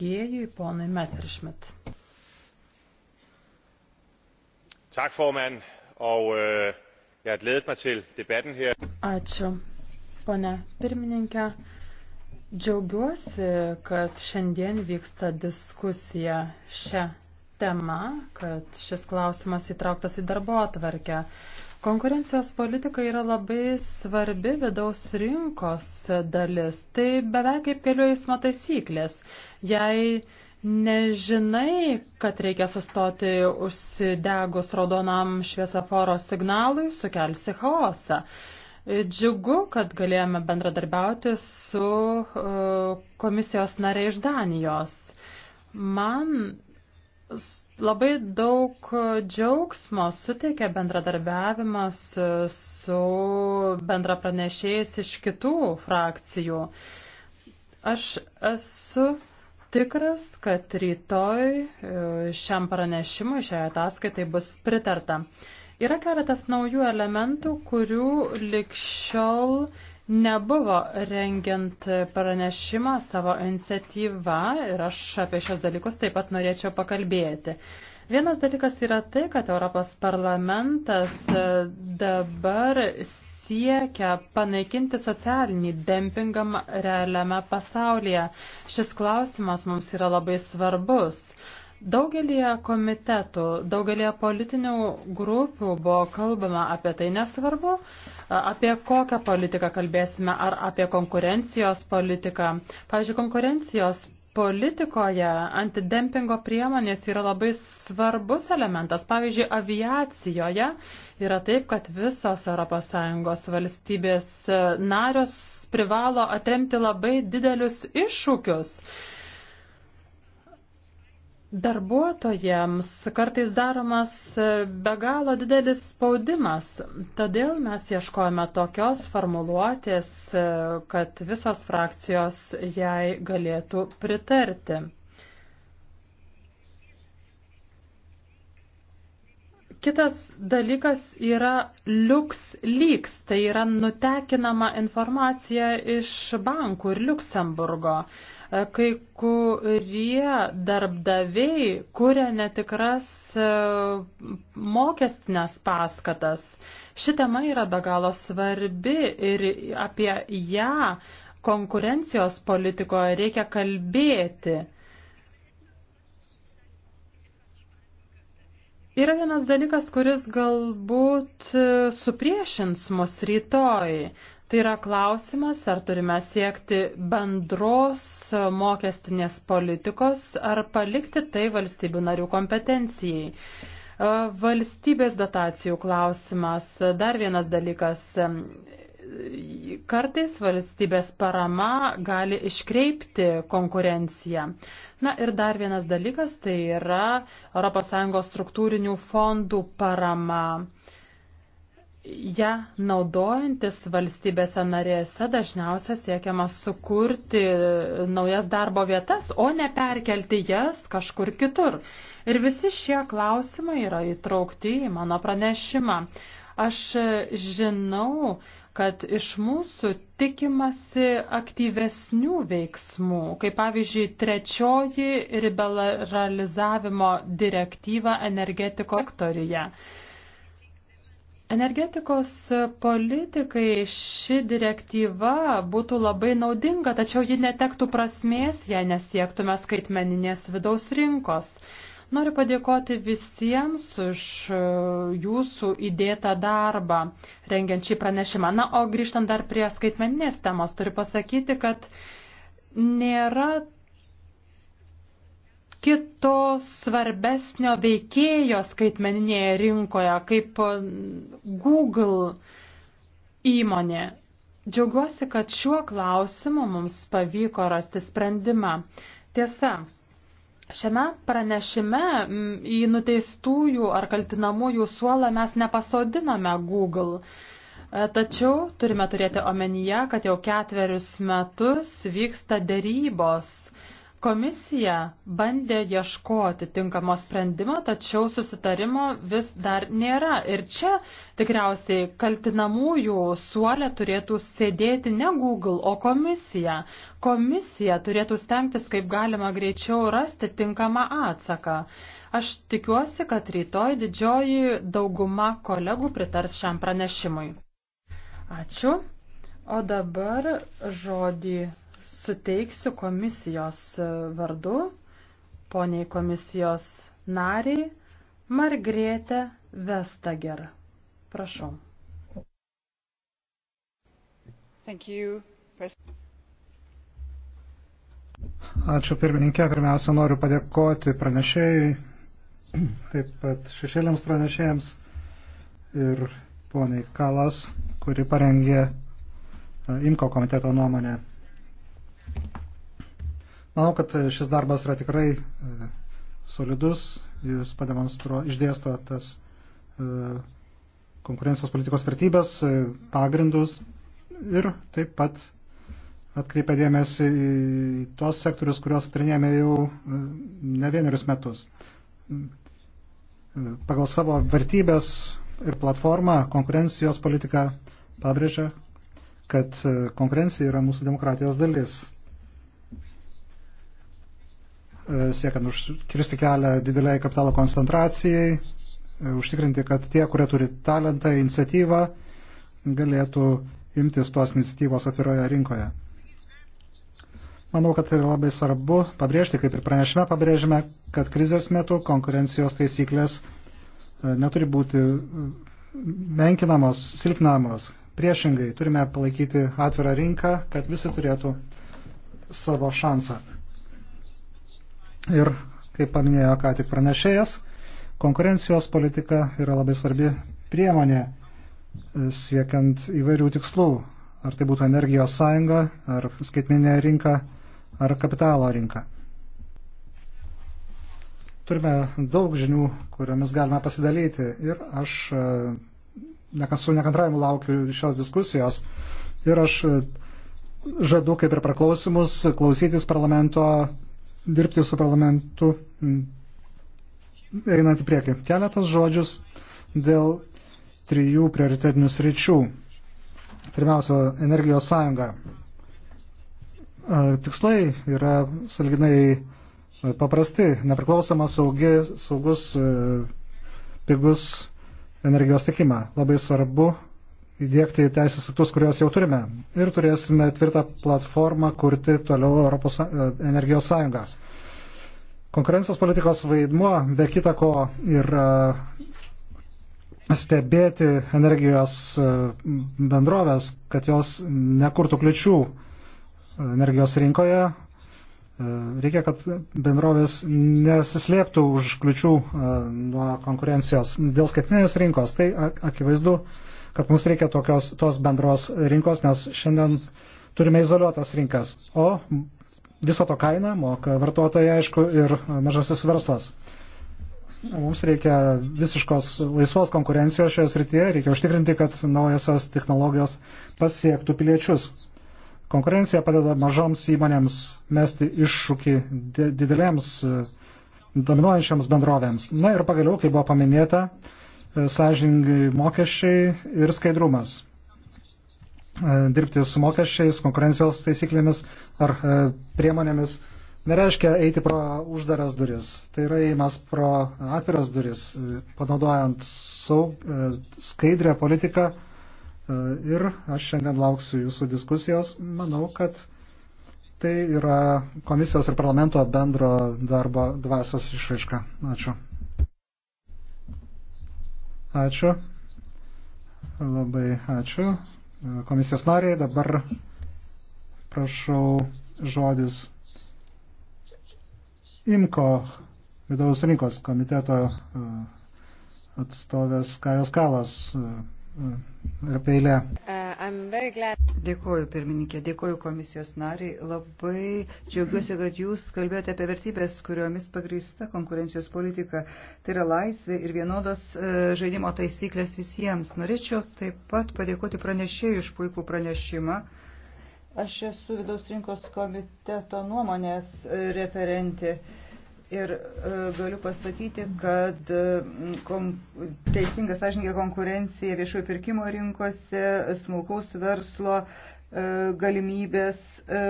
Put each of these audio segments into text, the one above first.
Gėjui, ponui Mesteršmit. Tak, formand, og øh, jeg har glædet mig til debatten her. Ačiū, pone pirmininkė. Džiaugiuosi, kad šiandien vyksta diskusija šią temą, kad šis klausimas įtrauktas į darbo atvarkę. Konkurencijos politika yra labai svarbi vidaus rinkos dalis. Tai beveik kaip kelių eismo taisyklės. Jei nežinai, kad reikia sustoti užsidegus raudonam šviesaforo signalui, sukelsi chaosą. Džiugu, kad galėjome bendradarbiauti su uh, komisijos nariai iš Danijos. Man labai daug džiaugsmo suteikia bendradarbiavimas su bendrapranešėjais iš kitų frakcijų. Aš esu tikras, kad rytoj e, šiam pranešimui, šiai ataskaitai bus pritarta. Yra keletas naujų elementų, kurių likščiol nebuvo rengiant pranešimą savo iniciatyvą ir aš apie šios dalykus taip pat norėčiau pakalbėti. Vienas dalykas yra tai, kad Europos parlamentas e, dabar siekia panaikinti socialinį dempingą realiame pasaulyje. Šis klausimas mums yra labai svarbus. Daugelie komitetų, daugelie politinių grupių buvo kalbama apie tai nesvarbu, apie kokią politiką kalbėsime, ar apie konkurencijos politiką. Pavyzdžiui, konkurencijos politikoje antidempingo priemonės yra labai svarbus elementas. Pavyzdžiui, aviacijoje yra taip, kad visos ES valstybės narios privalo atremti labai didelius iššūkius. Darbuotojams kartais daromas e, be galo didelis spaudimas, todėl mes ieškojame tokios formuluotės, e, kad visos frakcijos jai galėtų pritarti. Kitas dalykas yra LuxLeaks, tai yra nutekinama informacija iš bankų ir Luxemburgo. Kai kurie darbdaviai kuria netikras e, mokestinės paskatas. Ši tema yra be galo svarbi ir apie ją konkurencijos politikoje reikia kalbėti. Yra vienas dalykas, kuris galbūt e, supriešins mus rytoj. Tai yra klausimas, ar turime siekti bendros e, mokestinės politikos, ar palikti tai valstybių narių kompetencijai. E, valstybės dotacijų klausimas, dar vienas dalykas kartais valstybės parama gali iškreipti konkurenciją. Na ir dar vienas dalykas tai yra ES struktūrinių fondų parama. Ja naudojantis valstybėse narėse dažniausia siekiama sukurti naujas darbo vietas, o ne perkelti jas kažkur kitur. Ir visi šie klausimai yra įtraukti į mano pranešimą. Aš žinau, kad iš mūsų tikimasi aktyvesnių veiksmų, kaip pavyzdžiui, trečioji liberalizavimo direktyva energetikos sektorija. Energetikos politikai ši direktyva būtų labai naudinga, tačiau ji netektų prasmės, jei nesiektume skaitmeninės vidaus rinkos. Noriu padėkoti visiems už e, jūsų įdėtą darbą, rengiant šį pranešimą. Na, o grįžtant dar prie skaitmeninės temos, turiu pasakyti, kad nėra kito svarbesnio veikėjo skaitmeninėje rinkoje, kaip Google įmonė. Džiaugiuosi, kad šiuo klausimu mums pavyko rasti sprendimą. Tiesa, Šiame pranešime į nuteistųjų ar kaltinamųjų suolą mes nepasodiname Google. E, tačiau turime turėti omenyje, kad jau ketverius metus vyksta dėrybos Komisija bandė ieškoti tinkamo sprendimo, tačiau susitarimo vis dar nėra. Ir čia tikriausiai kaltinamųjų suolė turėtų sėdėti ne Google, o komisija. Komisija turėtų stengtis kaip galima greičiau rasti tinkamą atsaką. Aš tikiuosi, kad rytoj didžioji dauguma kolegų pritars šiam pranešimui. Ačiū. O dabar žodį suteiksiu komisijos e, vardu poniai komisijos nariai Margrėtė Vestager. Prašau. Thank you, President. Ačiū pirmininkė. Pirmiausia, noriu padėkoti pranešėjai, taip pat šešėliams pranešėjams ir poniai Kalas, kuri parengė e, Imko komiteto nuomonę. Manau, kad e, šis darbas yra tikrai e, solidus, jis pademonstruo, išdėsto tas e, konkurencijos politikos vertybės, pagrindus ir taip pat atkreipia dėmesį į tuos sektorius, kuriuos aptarinėjame jau ne vienerius metus. Pagal savo vertybės ir platformą konkurencijos politika pabrėžia, kad konkurencija yra mūsų demokratijos dalis. E, siekiant užkirsti kelią dideliai kapitalo koncentracijai, e, užtikrinti, kad tie, kurie turi talentą, iniciatyvą, galėtų imtis tos iniciatyvos atviroje rinkoje. Manau, kad tai labai svarbu pabrėžti, kaip ir pranešime pabrėžime, kad krizės metu konkurencijos taisyklės e, neturi būti menkinamos, silpnamos. Priešingai, turime palaikyti atvirą rinką, kad visi turėtų savo šansą. Ir, kaip paminėjo ką tik pranešėjas, konkurencijos politika yra labai svarbi priemonė e, siekiant įvairių tikslų, ar tai būtų energijos sąjunga, ar skaitminė rinka, ar kapitalo rinka. Turime daug žinių, kuriomis galime pasidalyti ir aš e, su nekantravimu laukiu šios diskusijos ir aš e, žadu, kaip ir praklausimus, klausytis parlamento dirbti su parlamentu einant į priekį. Keletas žodžius dėl trijų prioritetinių sričių. Pirmiausia, energijos sąjunga. Tikslai yra salginai paprasti, nepriklausoma saugi, saugus, pigus energijos tikimą. Labai svarbu įdėkti teisės aktus, kuriuos jau turime. Ir turėsime tvirtą platformą kurti toliau Europos e, energijos sąjungą. Konkurencijos politikos vaidmuo, be kita ko, yra stebėti energijos e, bendrovės, kad jos nekurtų kliučių e, energijos rinkoje. Reikia, kad bendrovės nesislėptų už kliučių nuo konkurencijos dėl skaitinės rinkos. Tai akivaizdu kad mums reikia tokios, tos bendros rinkos, nes šiandien turime izoliuotas rinkas. O viso to kainą moka vartotojai, aišku, ir mažasis verslas. Mums reikia visiškos laisvos konkurencijos šioje srityje, reikia užtikrinti, kad naujosios technologijos pasiektų piliečius. Konkurencija padeda mažoms įmonėms mesti iššūkį didelėms dominuojančiams bendrovėms. Na ir pagaliau, kaip buvo paminėta, sąžiningai mokesčiai ir skaidrumas. E, dirbti su mokesčiais, konkurencijos taisyklėmis ar e, priemonėmis nereiškia eiti pro uždaras duris. Tai yra įimas pro atviras duris, e, panaudojant saug, skaidrę politiką. Ir aš šiandien lauksiu jūsų diskusijos. Manau, kad tai yra komisijos ir parlamento bendro darbo dvasios išraiška. Ačiū. Ačiū. Labai ačiū. E, komisijos nariai, dabar prašau žodis IMKO vidaus rinkos komiteto e, atstovės Kajos Kalas e, ir peilė. Dėkoju, pirmininkė, dėkoju komisijos nariai. Labai džiaugiuosi, kad jūs kalbėjote apie vertybės, kuriomis pagrįsta konkurencijos politika. Tai yra laisvė ir vienodos e, žaidimo taisyklės visiems. Norėčiau taip pat padėkoti pranešėjui už puikų pranešimą. Aš esu vidaus rinkos komiteto nuomonės e, referentė. Ir e, galiu pasakyti, kad e, kom, teisinga sąžininkė konkurencija viešojo pirkimo rinkose, smulkaus verslo e, galimybės e,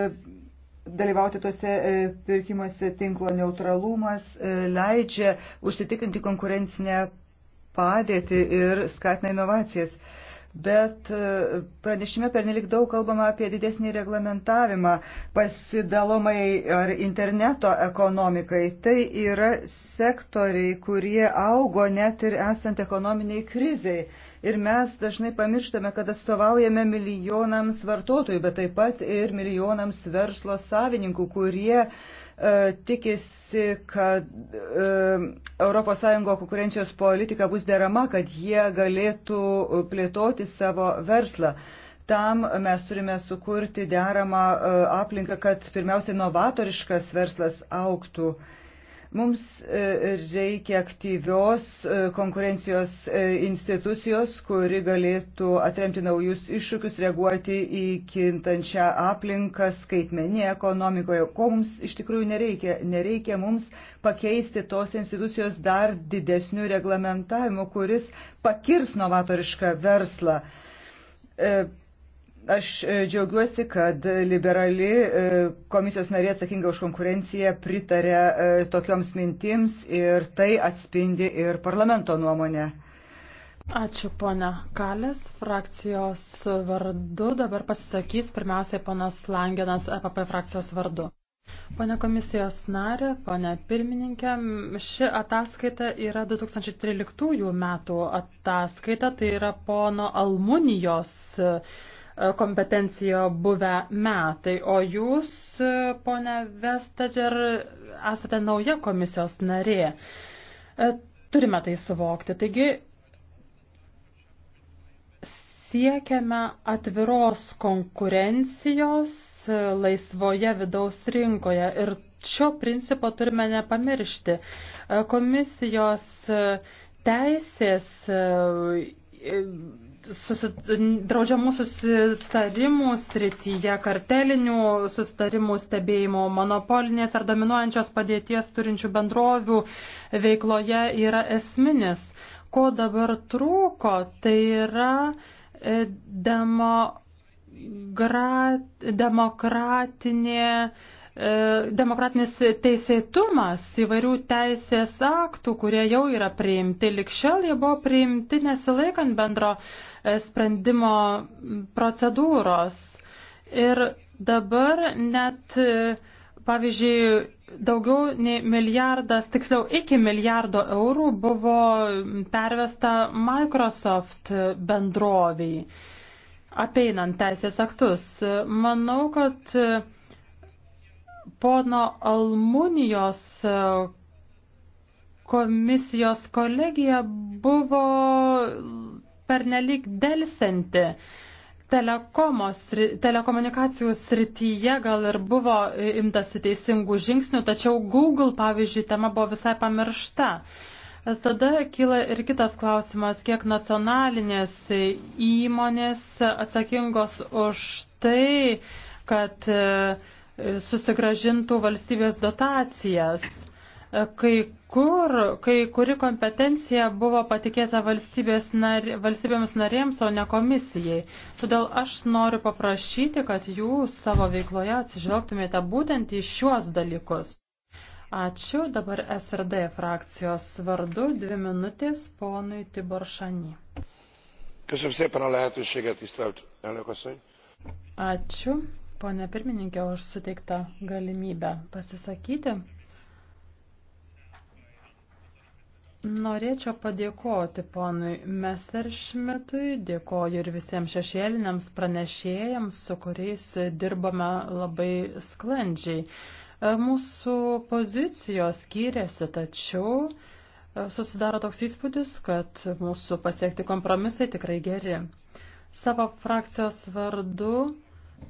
dalyvauti tose e, pirkimuose tinklo neutralumas e, leidžia užsitikrinti konkurencinę padėtį ir skatina inovacijas. E, bet e, pranešime pernelik daug kalbama apie didesnį reglamentavimą pasidalomai ar interneto ekonomikai. Tai yra sektoriai, kurie augo net ir esant ekonominiai kriziai. Ir mes dažnai pamirštame, kad atstovaujame milijonams vartotojų, bet taip pat ir milijonams verslo savininkų, kurie uh, E, tikisi, kad ES konkurencijos politika bus derama, kad jie galėtų plėtoti savo verslą. Tam mes turime sukurti deramą e, aplinką, kad pirmiausia novatoriškas verslas auktų. Mums e, reikia aktyvios e, konkurencijos e, institucijos, kuri galėtų atremti naujus iššūkius, reaguoti į kintančią aplinką skaitmenėje ekonomikoje. Ko mums iš tikrųjų nereikia? Nereikia mums pakeisti tos institucijos dar didesnių reglamentavimų, kuris pakirs novatorišką verslą Aš e, džiaugiuosi, kad liberali e, komisijos narė atsakinga už konkurenciją pritarė e, tokioms mintims ir tai atspindi ir parlamento nuomonę. Ačiū, ponia Kalės. Frakcijos vardu dabar pasisakys pirmiausiai ponas Langenas EPP frakcijos vardu. Pone komisijos narė, pone pirmininkė, ši ataskaita yra 2013 metų ataskaita, tai yra pono Almunijos ataskaita E, kompetencijoje buvę metai, o jūs, e, ponia Vestager, esate nauja komisijos narė. E, turime tai suvokti. Taigi, siekiame atviros konkurencijos laisvoje vidaus rinkoje ir šio principo turime nepamiršti. Komisijos teisės susit, draudžiamų susitarimų srityje, kartelinių susitarimų stebėjimo, monopolinės ar dominuojančios padėties turinčių bendrovių veikloje yra esminis. Ko dabar trūko, tai yra e, demo, gra, demokratinė E, demokratinis teisėtumas įvairių teisės aktų, kurie jau yra priimti. Likščiol jie buvo priimti nesilaikant bendro e, sprendimo procedūros. Ir dabar net, e, pavyzdžiui, daugiau nei milijardas, tiksliau iki milijardo eurų buvo pervesta Microsoft bendroviai, apeinant teisės aktus. Manau, kad pono Almunijos e, komisijos kolegija buvo pernelyg delsianti. Sri, telekomunikacijų srityje gal ir buvo imtasi teisingų žingsnių, tačiau Google, pavyzdžiui, tema buvo visai pamiršta. Tada kyla ir kitas klausimas, kiek nacionalinės įmonės atsakingos už tai, kad uh, susigražintų valstybės dotacijas. Kai, kur, kai kuri kompetencija buvo patikėta nar, valstybėms narėms, o ne komisijai. Todėl aš noriu paprašyti, kad jūs savo veikloje atsižvelgtumėte būtent į šiuos dalykus. Ačiū. Dabar SRD frakcijos vardu dvi minutės ponui Tibor Šanį. Köszönöm szépen a lehetőséget, tisztelt elnök asszony. Ačiū ponė pirmininkė, už suteiktą galimybę pasisakyti. Norėčiau padėkoti ponui Messerschmittui, dėkoju ir visiems šešėliniams pranešėjams, su kuriais dirbame labai sklandžiai. Mūsų pozicijos skiriasi, tačiau susidaro toks įspūdis, kad mūsų pasiekti kompromisai tikrai geri. Savo frakcijos vardu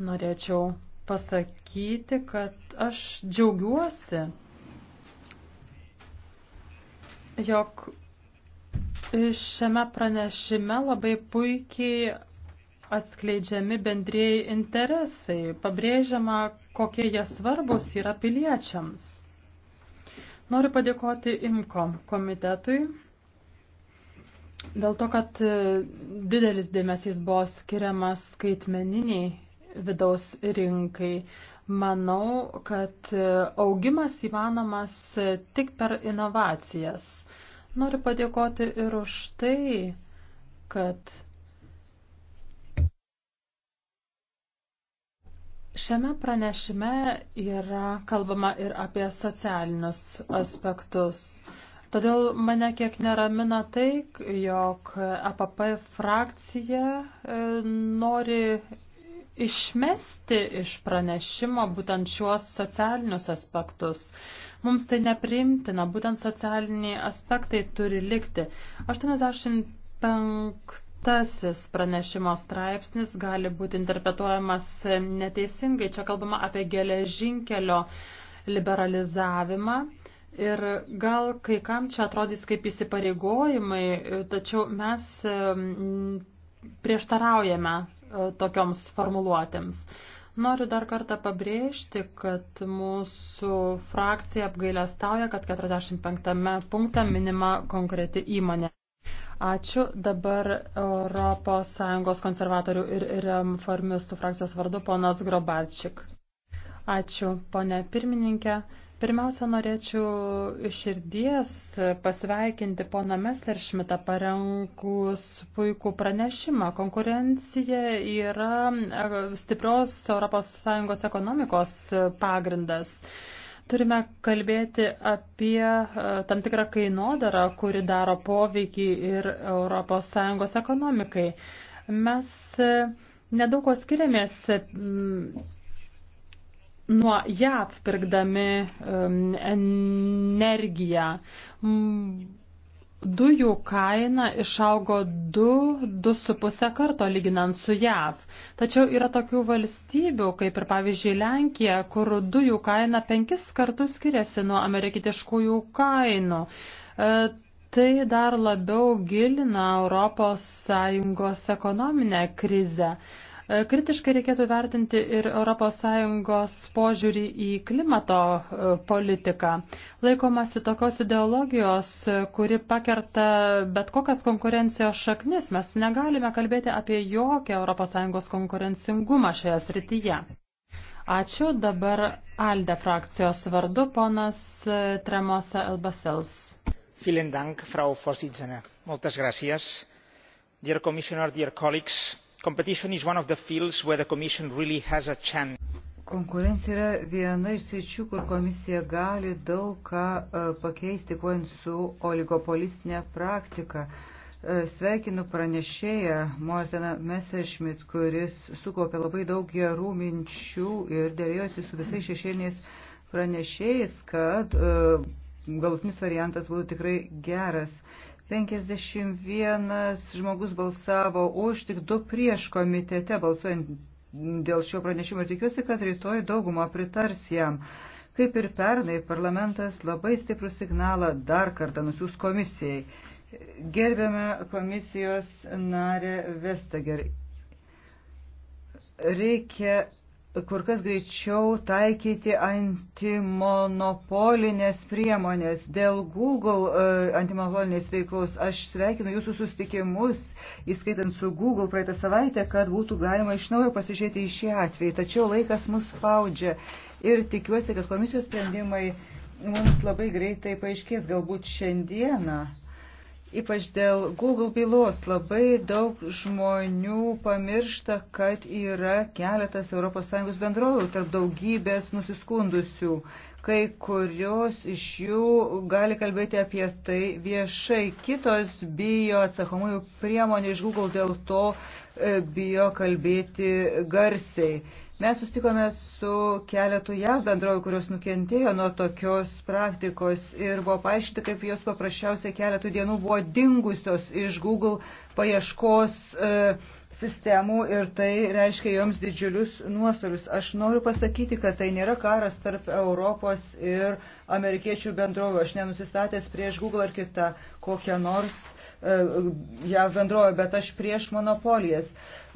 Norėčiau pasakyti, kad aš džiaugiuosi, jog šiame pranešime labai puikiai atskleidžiami bendrėjai interesai, pabrėžiama, kokie jie svarbus yra piliečiams. Noriu padėkoti IMKO komitetui dėl to, kad didelis dėmesys buvo skiriamas skaitmeniniai vidaus rinkai. Manau, kad augimas įmanomas tik per inovacijas. Noriu padėkoti ir už tai, kad Šiame pranešime yra kalbama ir apie socialinius aspektus. Todėl mane kiek neramina tai, jog APP frakcija e, nori išmesti iš pranešimo būtent šiuos socialinius aspektus. Mums tai nepriimtina, būtent socialiniai aspektai turi likti. 85 pranešimo straipsnis gali būti interpretuojamas neteisingai. Čia kalbama apie geležinkelio liberalizavimą. Ir gal kai kam čia atrodys kaip įsipareigojimai, tačiau mes mm, prieštaraujame tokioms formuluotėms. Noriu dar kartą pabrėžti, kad mūsų frakcija apgailestauja, kad 45 punkte minima konkreti įmonė. Ačiū. Dabar ES konservatorių ir reformistų frakcijos vardu ponas Grobarčik. Ačiū, ponė pirmininkė. Pirmiausia, norėčiau iš širdies pasveikinti poną Mesleršmitą parengus puikų pranešimą. Konkurencija yra e, stiprios ES ekonomikos e, pagrindas. Turime kalbėti apie e, tam tikrą kainodarą, kuri daro poveikį ir ES ekonomikai. Mes nedaug ko skiriamės nuo JAV pirkdami um, energiją. Dujų kaina išaugo 2-2,5 karto lyginant su JAV. Tačiau yra tokių valstybių, kaip ir pavyzdžiui Lenkija, kur dujų kaina penkis kartus skiriasi nuo amerikietiškųjų kainų. E, tai dar labiau gilina ES ekonominę krizę. E, E, kritiškai reikėtų vertinti ir ES požiūrį į klimato e, politiką. Laikomasi tokios ideologijos, e, kuri pakerta bet kokias konkurencijos šaknis. Mes negalime kalbėti apie jokią ES konkurencingumą šioje srityje. Ačiū. Dabar Alde frakcijos vardu ponas Tremosa Elbasels. Vielen Dank, Frau Vorsitzende. Moltes gràcies. Dear Commissioner, dear colleagues, competition is one of the fields where the commission really has a chance. Konkurencija yra viena iš sričių, kur komisija gali daug ką e, pakeisti, kovojant su oligopolistinė praktika. E, sveikinu pranešėją Morteną Messerschmidt, kuris sukaupė labai daug gerų minčių ir dėrėjosi su visais šešėliniais pranešėjais, kad e, galutinis variantas būtų tikrai geras. 51 žmogus balsavo už, tik du prieš komitete balsuojant dėl šio pranešimo ir tikiuosi, kad rytoj dauguma pritars jam. Kaip ir pernai, parlamentas labai stiprų signalą dar kartą nusiūs komisijai. Gerbiame komisijos narę Vestager. Reikia kur kas greičiau taikyti antimonopolinės priemonės. Dėl Google e, antimonopolinės veiklos aš sveikinu jūsų sustikimus, įskaitant su Google praeitą savaitę, kad būtų galima iš naujo pasižiūrėti į šį atvejį. Tačiau laikas mus spaudžia ir tikiuosi, kad komisijos sprendimai mums labai greitai paaiškės galbūt šiandieną. Ypač dėl Google bylos labai daug žmonių pamiršta, kad yra keletas ES bendrovių tarp daugybės nusiskundusių. Kai kurios iš jų gali kalbėti apie tai viešai, kitos bijo atsakomųjų priemonių iš Google, dėl to e, bijo kalbėti garsiai. Mes sustikome su keletu JAV bendrovų, kurios nukentėjo nuo tokios praktikos ir buvo paaiškinti, kaip jos paprasčiausiai keletų dienų buvo dingusios iš Google paieškos e, sistemų ir tai reiškia joms didžiulius nuostolius. Aš noriu pasakyti, kad tai nėra karas tarp Europos ir amerikiečių bendrovų. Aš nenusistatęs prieš Google ar kitą kokią nors E, JAV bendrovė, bet aš prieš monopolijas.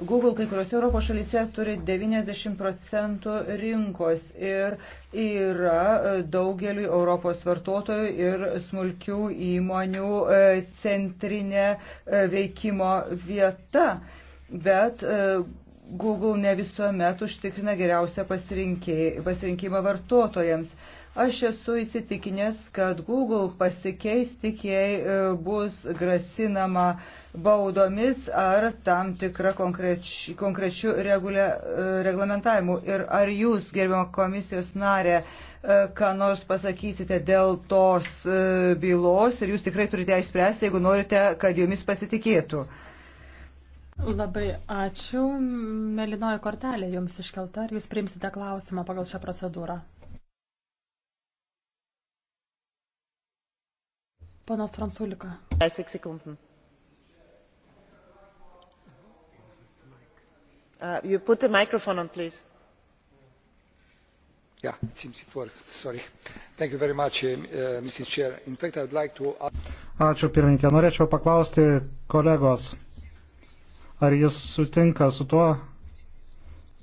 Google kai kuriuose Europos šalyse turi 90 procentų rinkos ir yra e, daugeliu Europos vartotojų ir smulkių įmonių e, centrinė veikimo vieta. Bet Google ne visuomet užtikrina geriausią pasirinkimą vartotojams. Aš esu įsitikinęs, kad Google pasikeis tik jei e, bus grasinama baudomis ar tam tikra konkreči, konkrečių regulia, e, reglamentavimų. Ir ar jūs, gerbiamo komisijos narė, e, ką nors pasakysite dėl tos bylos ir jūs tikrai turite įspręsti, jeigu norite, kad jumis pasitikėtų. Labai ačiū. Melinoji kortelė jums iškelta. Ar jūs priimsite klausimą pagal šią procedūrą? Ponas Fransulika. 30 sekundžių. Uh, you put the microphone on, please. Yeah, it seems it works. Sorry. Thank you very much, uh, uh Mrs. Chair. In fact, I would like to... Ačiū pirmininkė. Norėčiau paklausti kolegos, ar jis sutinka su tuo,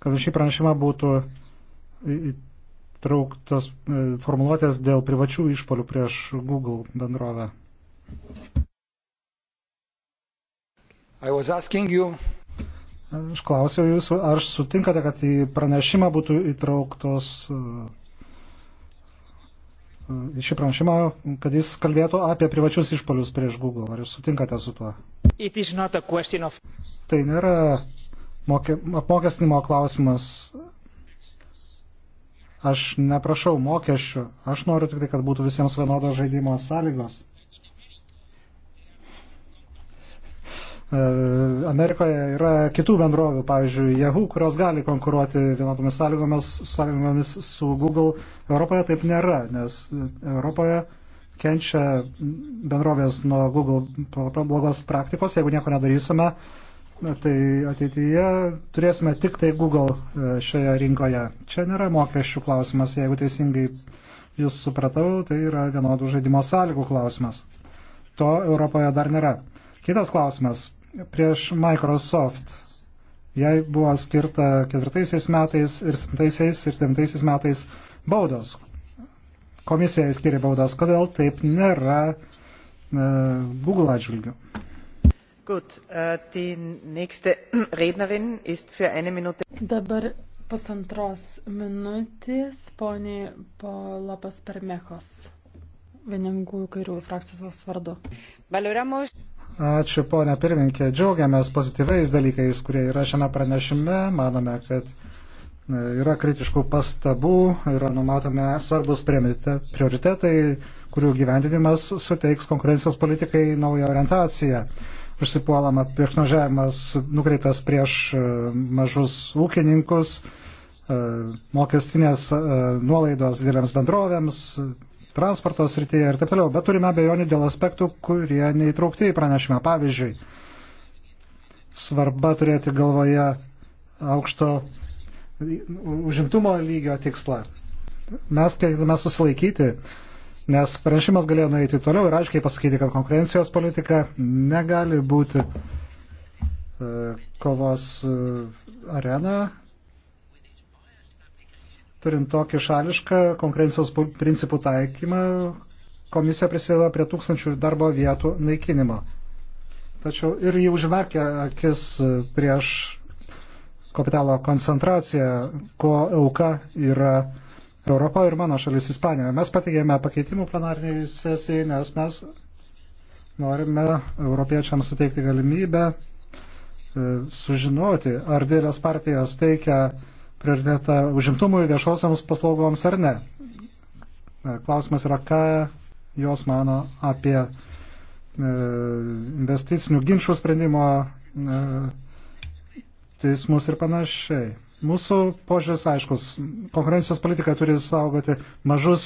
kad šį pranešimą būtų ištrauktas e, formuluotės dėl privačių išpolių prieš Google bendrovę. You... Aš klausiau jūsų, ar sutinkate, kad į pranešimą būtų įtrauktos e, e, į šį pranešimą, kad jis kalbėtų apie privačius išpolius prieš Google. Ar jūs sutinkate su tuo? Of... Tai nėra mokė, apmokestinimo klausimas Aš neprašau mokesčių, aš noriu tik tai, kad būtų visiems vienodos žaidimo sąlygos. E, Amerikoje yra kitų bendrovių, pavyzdžiui, Yahoo, kurios gali konkuruoti vienodomis sąlygomis, sąlygomis su Google. Europoje taip nėra, nes Europoje kenčia bendrovės nuo Google blogos praktikos. Jeigu nieko nedarysime, tai ateityje turėsime tik tai Google e, šioje rinkoje. Čia nėra mokesčių klausimas, jeigu teisingai jūs supratau, tai yra vienodų žaidimo sąlygų klausimas. To Europoje dar nėra. Kitas klausimas. Prieš Microsoft. Jai buvo skirta ketvirtaisiais metais ir septintaisiais ir devintaisiais metais baudos. Komisija skiria baudas. Kodėl taip nėra e, Google atžvilgių? Äh, Dabar pusantros minutės poniai Polapas Permekos, vieningųjų kairių frakcijos vardu. Valoramos. Ačiū, ponia pirminkė. Džiaugiamės pozityviais dalykais, kurie yra šiame pranešime. Manome, kad e, yra kritiškų pastabų, yra numatome svarbus prioritetai, kurių gyvendinimas suteiks konkurencijos politikai naują orientaciją užsipuolama pieknožiavimas nukreiptas prieš e, mažus ūkininkus, e, mokestinės e, nuolaidos dideliams bendrovėms, transporto srityje ir taip toliau. Bet turime abejonių dėl aspektų, kurie neįtraukti į pranešimą. Pavyzdžiui, svarba turėti galvoje aukšto užimtumo lygio tikslą. Mes ketiname susilaikyti Nes pranešimas galėjo nueiti toliau ir aiškiai pasakyti, kad konkurencijos politika negali būti e, kovos e, arena, turint tokį šališką konkurencijos principų taikymą, komisija prisideda prie tūkstančių darbo vietų naikinimo. Tačiau ir jį užmerkia akis prieš kapitalo koncentraciją, ko auka yra Europa ir mano šalis Ispanija. Mes pateikėme pakeitimų plenarniai sesijai, nes mes norime europiečiams suteikti galimybę e, sužinoti, ar dėlės partijos teikia prioritetą užimtumui, viešosiams paslaugoms ar ne. E, klausimas yra, ką jos mano apie e, investicinių ginčių sprendimo teismus ir panašiai. Mūsų požiūris aiškus. Konkurencijos politika turi saugoti mažus,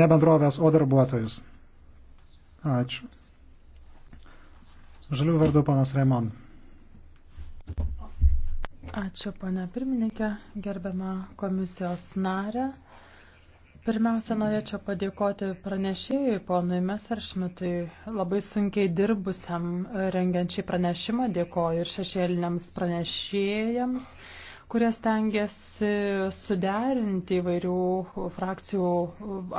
ne bendrovės, o darbuotojus. Ačiū. Žalių vardu panas Raimond. Ačiū, ponia pirmininkė, gerbiama komisijos narė. Pirmiausia, norėčiau padėkoti pranešėjui, ponui Mesaršmitui, labai sunkiai dirbusiam rengiančiai pranešimą, dėkoju ir šešėliniams pranešėjams kurias tengiasi suderinti įvairių frakcijų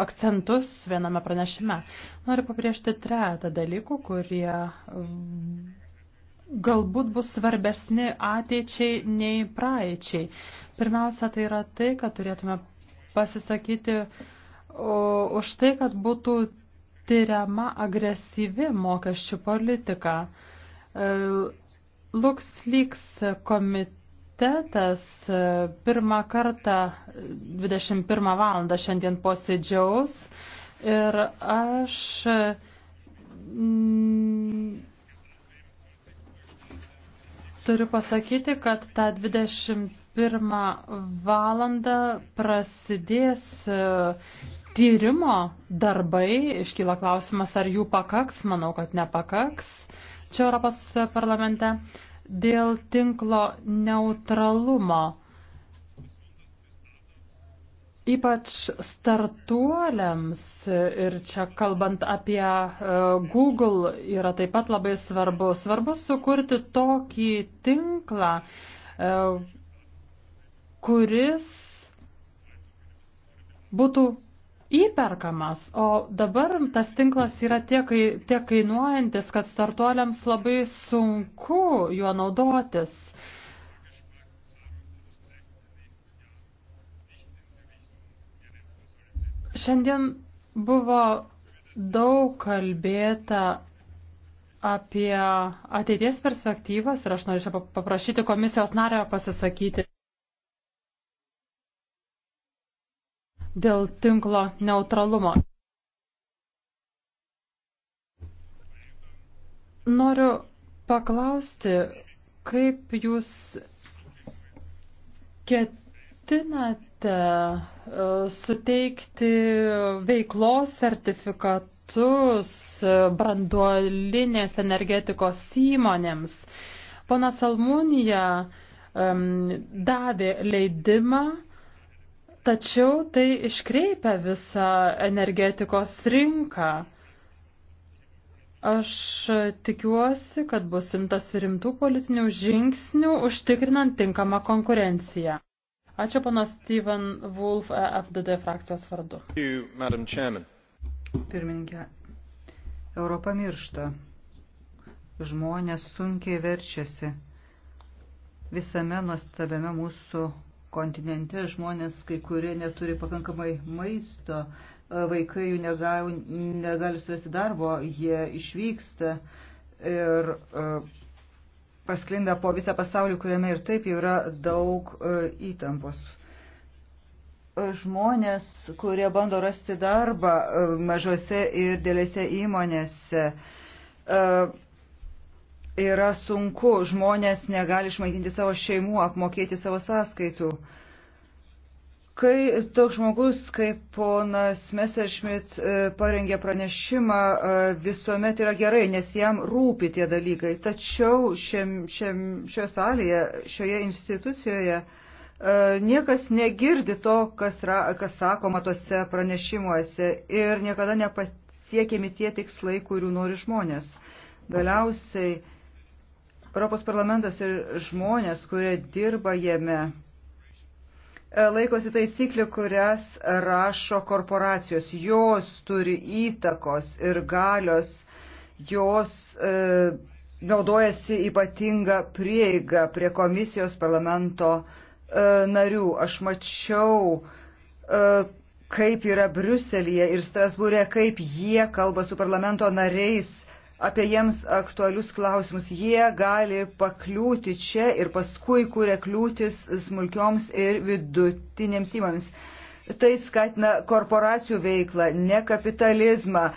akcentus viename pranešime. Noriu papriešti tretą dalykų, kurie galbūt bus svarbesni ateičiai nei praeičiai. Pirmiausia, tai yra tai, kad turėtume pasisakyti už tai, kad būtų tyriama agresyvi mokesčių politika. E, LuxLeaks komitetas komitetas e, pirmą kartą 21 valandą šiandien posėdžiaus ir aš mm, turiu pasakyti, kad tą 21 valandą prasidės e, tyrimo darbai. Iškyla klausimas, ar jų pakaks, manau, kad nepakaks čia Europos parlamente dėl tinklo neutralumo. Ypač startuoliams ir čia kalbant apie e, Google yra taip pat labai svarbu. Svarbu sukurti tokį tinklą, e, kuris būtų įperkamas, o dabar tas tinklas yra tiek, tiek kainuojantis, kad startuoliams labai sunku juo naudotis. Šiandien buvo daug kalbėta apie ateities perspektyvas ir aš norėčiau paprašyti komisijos nario pasisakyti. dėl tinklo neutralumo. Noriu paklausti, kaip jūs ketinate e, suteikti veiklos sertifikatus e, branduolinės energetikos įmonėms. Pana Salmūnija um, davė leidimą Tačiau tai iškreipia visą energetikos rinką. Aš tikiuosi, kad bus imtas rimtų politinių žingsnių užtikrinant tinkamą konkurenciją. Ačiū panas Steven Wolf e FDD frakcijos vardu. Pirmininkė, Europa miršta. Žmonės sunkiai verčiasi. Visame nuostabiame mūsų kontinente žmonės, kai kurie neturi pakankamai maisto, e, vaikai jų negali, negali surasti darbo, jie išvyksta ir e, pasklinda po visą pasaulį, kuriame ir taip jau yra daug e, įtampos. Žmonės, kurie bando rasti darbą mažose ir dėlėse įmonėse, yra sunku, žmonės negali išmaitinti savo šeimų, apmokėti savo sąskaitų. Kai toks žmogus kaip ponas Messerschmidt e, parengė pranešimą, e, visuomet yra gerai, nes jam rūpi tie dalykai. Tačiau šiam, šiam, šioje salėje, šioje institucijoje e, niekas negirdi to, kas, ra, kas sakoma tose pranešimuose ir niekada nepasiekėmi tie tikslai, kurių nori žmonės. Galiausiai Europos parlamentas ir žmonės, kurie dirba jame, e, laikosi taisyklių, kurias rašo korporacijos. Jos turi įtakos ir galios, jos e, naudojasi ypatinga prieiga prie komisijos parlamento e, narių. Aš mačiau, e, kaip yra Briuselėje ir Strasbūrė, kaip jie kalba su parlamento nariais apie jiems aktualius klausimus. Jie gali pakliūti čia ir paskui kūrė kliūtis smulkioms ir vidutinėms įmonėms. Tai skatina korporacijų veiklą, ne kapitalizmą.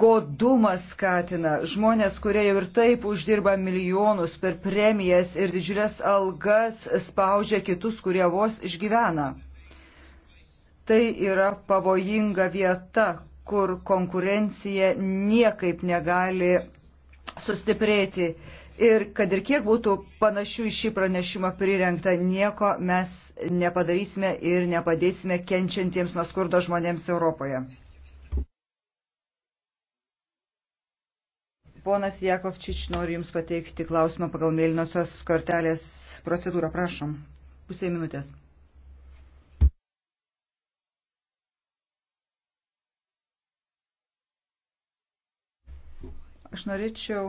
Godumas skatina žmonės, kurie jau ir taip uždirba milijonus per premijas ir didžiulės algas spaudžia kitus, kurie vos išgyvena. Tai yra pavojinga vieta, kur konkurencija niekaip negali sustiprėti. Ir kad ir kiek būtų panašių į šį pranešimą prirengta, nieko mes nepadarysime ir nepadėsime kenčiantiems nuo skurdo žmonėms Europoje. Ponas Jakovčič nori Jums pateikti klausimą pagal mėlynosios kortelės procedūrą. Prašom. Pusė minutės. Aš norėčiau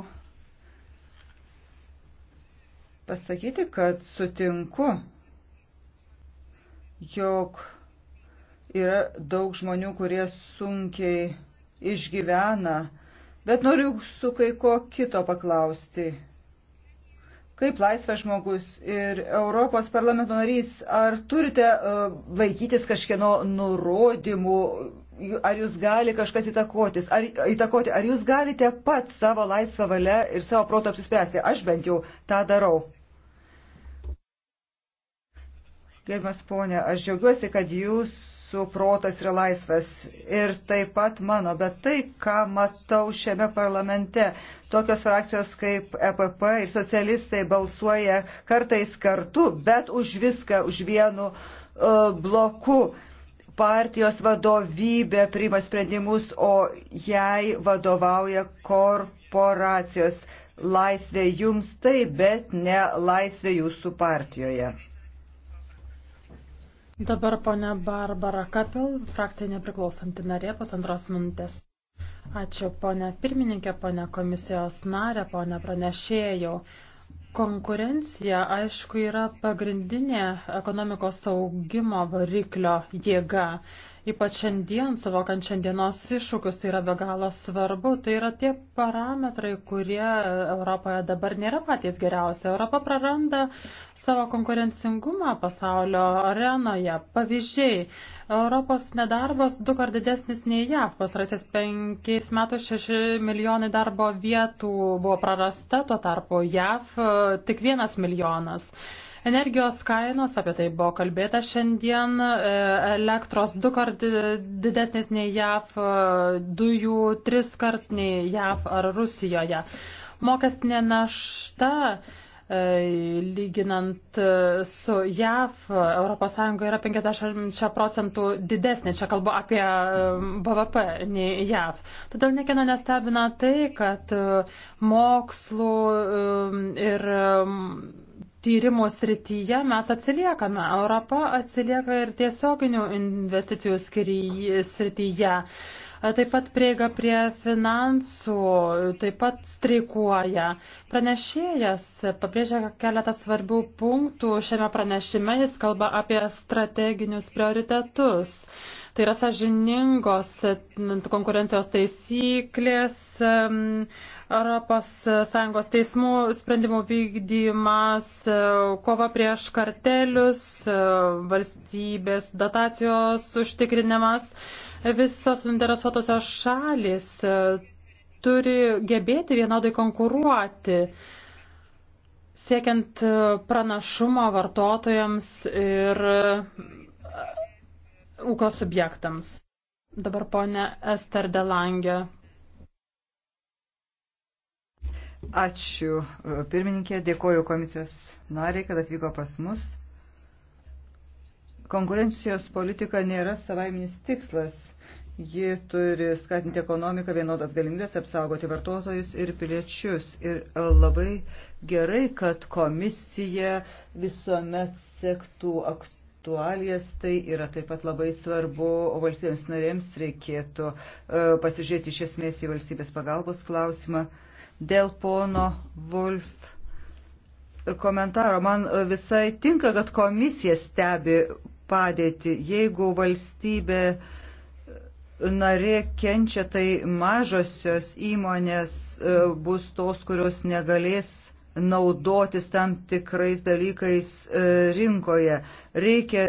pasakyti, kad sutinku, jog yra daug žmonių, kurie sunkiai išgyvena, bet noriu su kai ko kito paklausti. Kaip laisvas žmogus ir Europos parlamento narys, ar turite uh, laikytis kažkieno nurodymų ar jūs gali kažkas įtakotis, ar, įtakoti, ar jūs galite pat savo laisvą valią ir savo protą apsispręsti. Aš bent jau tą darau. Gerbiamas ponė, aš džiaugiuosi, kad jūsų protas yra laisvas ir taip pat mano, bet tai, ką matau šiame parlamente, tokios frakcijos kaip EPP ir socialistai balsuoja kartais kartu, bet už viską, už vienu uh, bloku. Uh, partijos vadovybė priima sprendimus, o jai vadovauja korporacijos. Laisvė jums tai, bet ne laisvė jūsų partijoje. Dabar ponia Barbara Kapel, frakcija nepriklausanti narė, pusantros minutės. Ačiū ponia pirmininkė, ponia komisijos narė, ponia pranešėjau. Konkurencija, aišku, yra pagrindinė ekonomikos augimo variklio jėga ypač šiandien, suvokant šiandienos iššūkius, tai yra be galo svarbu. Tai yra tie parametrai, kurie Europoje dabar nėra patys geriausi. Europa praranda savo konkurencingumą pasaulio arenoje. Pavyzdžiai, Europos nedarbas du kart didesnis nei JAV. Pasrasis penkiais metais šeši milijonai darbo vietų buvo prarasta, tuo tarpu JAV tik vienas milijonas. Energijos kainos, apie tai buvo kalbėta šiandien, e, elektros du kart didesnės nei JAV, e, dujų tris kart nei JAV ar Rusijoje. Mokestinė našta e, lyginant su JAV, ES yra 50 procentų didesnė, čia kalbu apie BVP nei JAV. Todėl niekino nestebina tai, kad mokslų ir tyrimo srityje mes atsiliekame. Europa atsilieka ir tiesioginių investicijų srityje. Taip pat prieiga prie finansų, taip pat streikuoja. Pranešėjas pabrėžia keletą svarbių punktų šiame pranešime, jis kalba apie strateginius prioritetus. Tai yra sažiningos konkurencijos taisyklės, ES teismų sprendimų vykdymas, e, kova prieš kartelius, e, valstybės datacijos užtikrinimas. Visos interesuotosios šalis e, turi gebėti vienodai konkuruoti siekiant pranašumo vartotojams ir ūkio subjektams. Dabar ponė Ester Delangė. Ačiū e, pirmininkė, dėkoju komisijos nariai, kad atvyko pas mus. Konkurencijos politika nėra savaiminis tikslas. Ji turi skatinti ekonomiką, vienodas galimybės apsaugoti vartotojus ir piliečius. Ir labai gerai, kad komisija visuomet sektų aktų aktualijas, tai yra taip pat labai svarbu, o valstybėms narėms reikėtų e, pasižiūrėti iš esmės į valstybės pagalbos klausimą. Dėl pono Wolf komentaro, man e, visai tinka, kad komisija stebi padėti, jeigu valstybė narė kenčia, tai mažosios įmonės e, bus tos, kurios negalės naudotis tam tikrais dalykais e, rinkoje. Reikia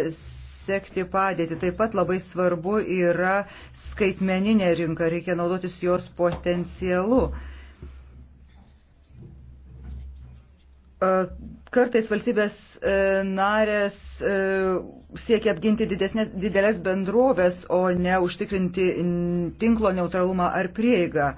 sekti padėtį. Taip pat labai svarbu yra skaitmeninė rinka, reikia naudotis jos potencialu. E, kartais valstybės e, narės siekia apginti didesnės, didelės bendrovės, o ne užtikrinti tinklo neutralumą ar prieigą.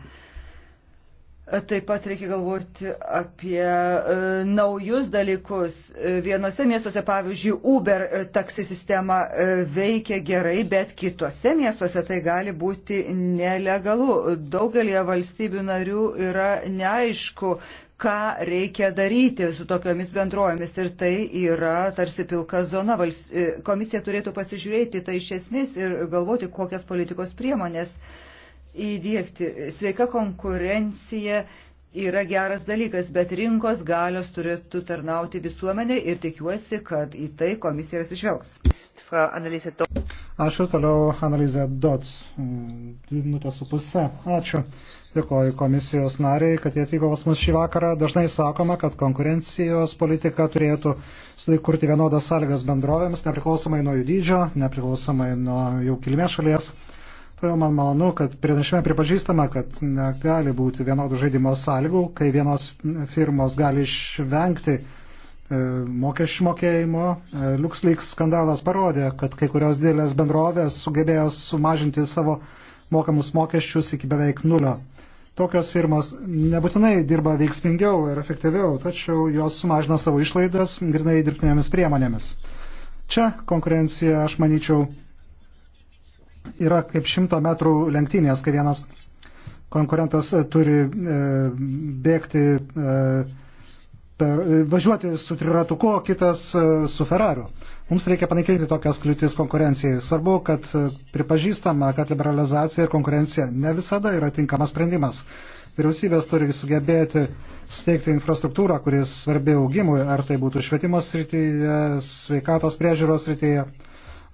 Taip pat reikia galvoti apie e, naujus dalykus. E, vienose miestuose, pavyzdžiui, Uber e, taksi sistema e, veikia gerai, bet kitose miestuose tai gali būti nelegalu. Daugelie valstybių narių yra neaišku, ką reikia daryti su tokiomis bendrovėmis ir tai yra tarsi pilka zona. Vals... E, komisija turėtų pasižiūrėti tai iš esmės ir galvoti, kokias politikos priemonės. E, įdėkti. Sveika konkurencija yra geras dalykas, bet rinkos galios turėtų tarnauti visuomenė ir tikiuosi, kad į tai komisija atsižvelgs. Ačiū toliau, analizė DOTS. Dvi minutės su pusė. Ačiū. Dėkoju komisijos nariai, kad jie atvyko pas mus šį vakarą. Dažnai sakoma, kad konkurencijos politika turėtų kurti vienodas sąlygas bendrovėms, nepriklausomai nuo jų dydžio, nepriklausomai nuo jų kilmės šalies. Todėl man malonu, kad pranešime pripažįstama, kad negali būti vienodų žaidimo sąlygų, kai vienos firmos gali išvengti e, mokesčių mokėjimo. E, LuxLeaks skandalas parodė, kad kai kurios didelės bendrovės sugebėjo sumažinti savo mokamus mokesčius iki beveik nulio. Tokios firmas nebūtinai dirba veiksmingiau ir efektyviau, tačiau jos sumažina savo išlaidas grinai dirbtinėmis priemonėmis. Čia konkurencija, aš manyčiau, yra kaip šimto metrų lenktynės, kai vienas konkurentas turi e, bėgti, e, per, važiuoti su triratuku, o kitas e, su Ferrariu. Mums reikia panaikinti tokias kliūtis konkurencijai. Svarbu, kad pripažįstama, kad liberalizacija ir konkurencija ne visada yra tinkamas sprendimas. Vyriausybės turi sugebėti suteikti infrastruktūrą, kuris svarbi augimui, ar tai būtų švietimo srityje, sveikatos priežiūros srityje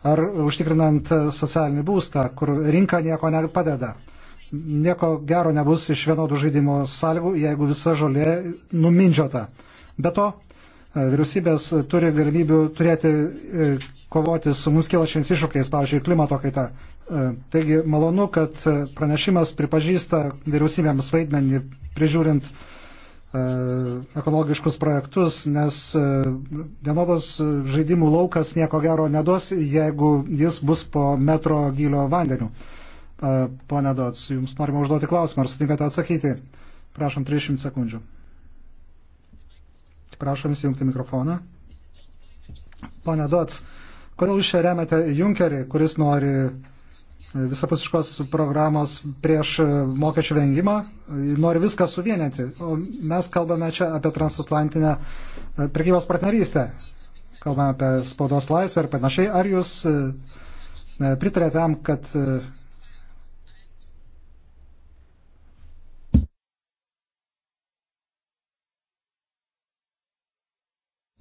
ar užtikrinant socialinį būstą, kur rinka nieko nepadeda. Nieko gero nebus iš vienodų žaidimo sąlygų, jeigu visa žolė numindžiota. Be to, e, vyriausybės turi galimybių turėti e, kovoti su mums kilačiais iššūkiais, pavyzdžiui, klimato kaita. E, taigi malonu, kad pranešimas pripažįsta vyriausybėms vaidmenį prižiūrint E, ekologiškus projektus, nes e, vienodos žaidimų laukas nieko gero neduos, jeigu jis bus po metro gylio vandeniu. E, pone Dots, jums norime užduoti klausimą, ar sutinkate atsakyti? Prašom 30 sekundžių. Prašom įsijungti mikrofoną. Pone Dots, kodėl jūs čia remiate Junkerį, kuris nori visapusiškos programos prieš e, mokesčių vengimą, nori viską suvienyti. O mes kalbame čia apie transatlantinę e, prekybos partnerystę, kalbame apie spaudos laisvę ir panašiai. Ar jūs e, pritarėte tam, kad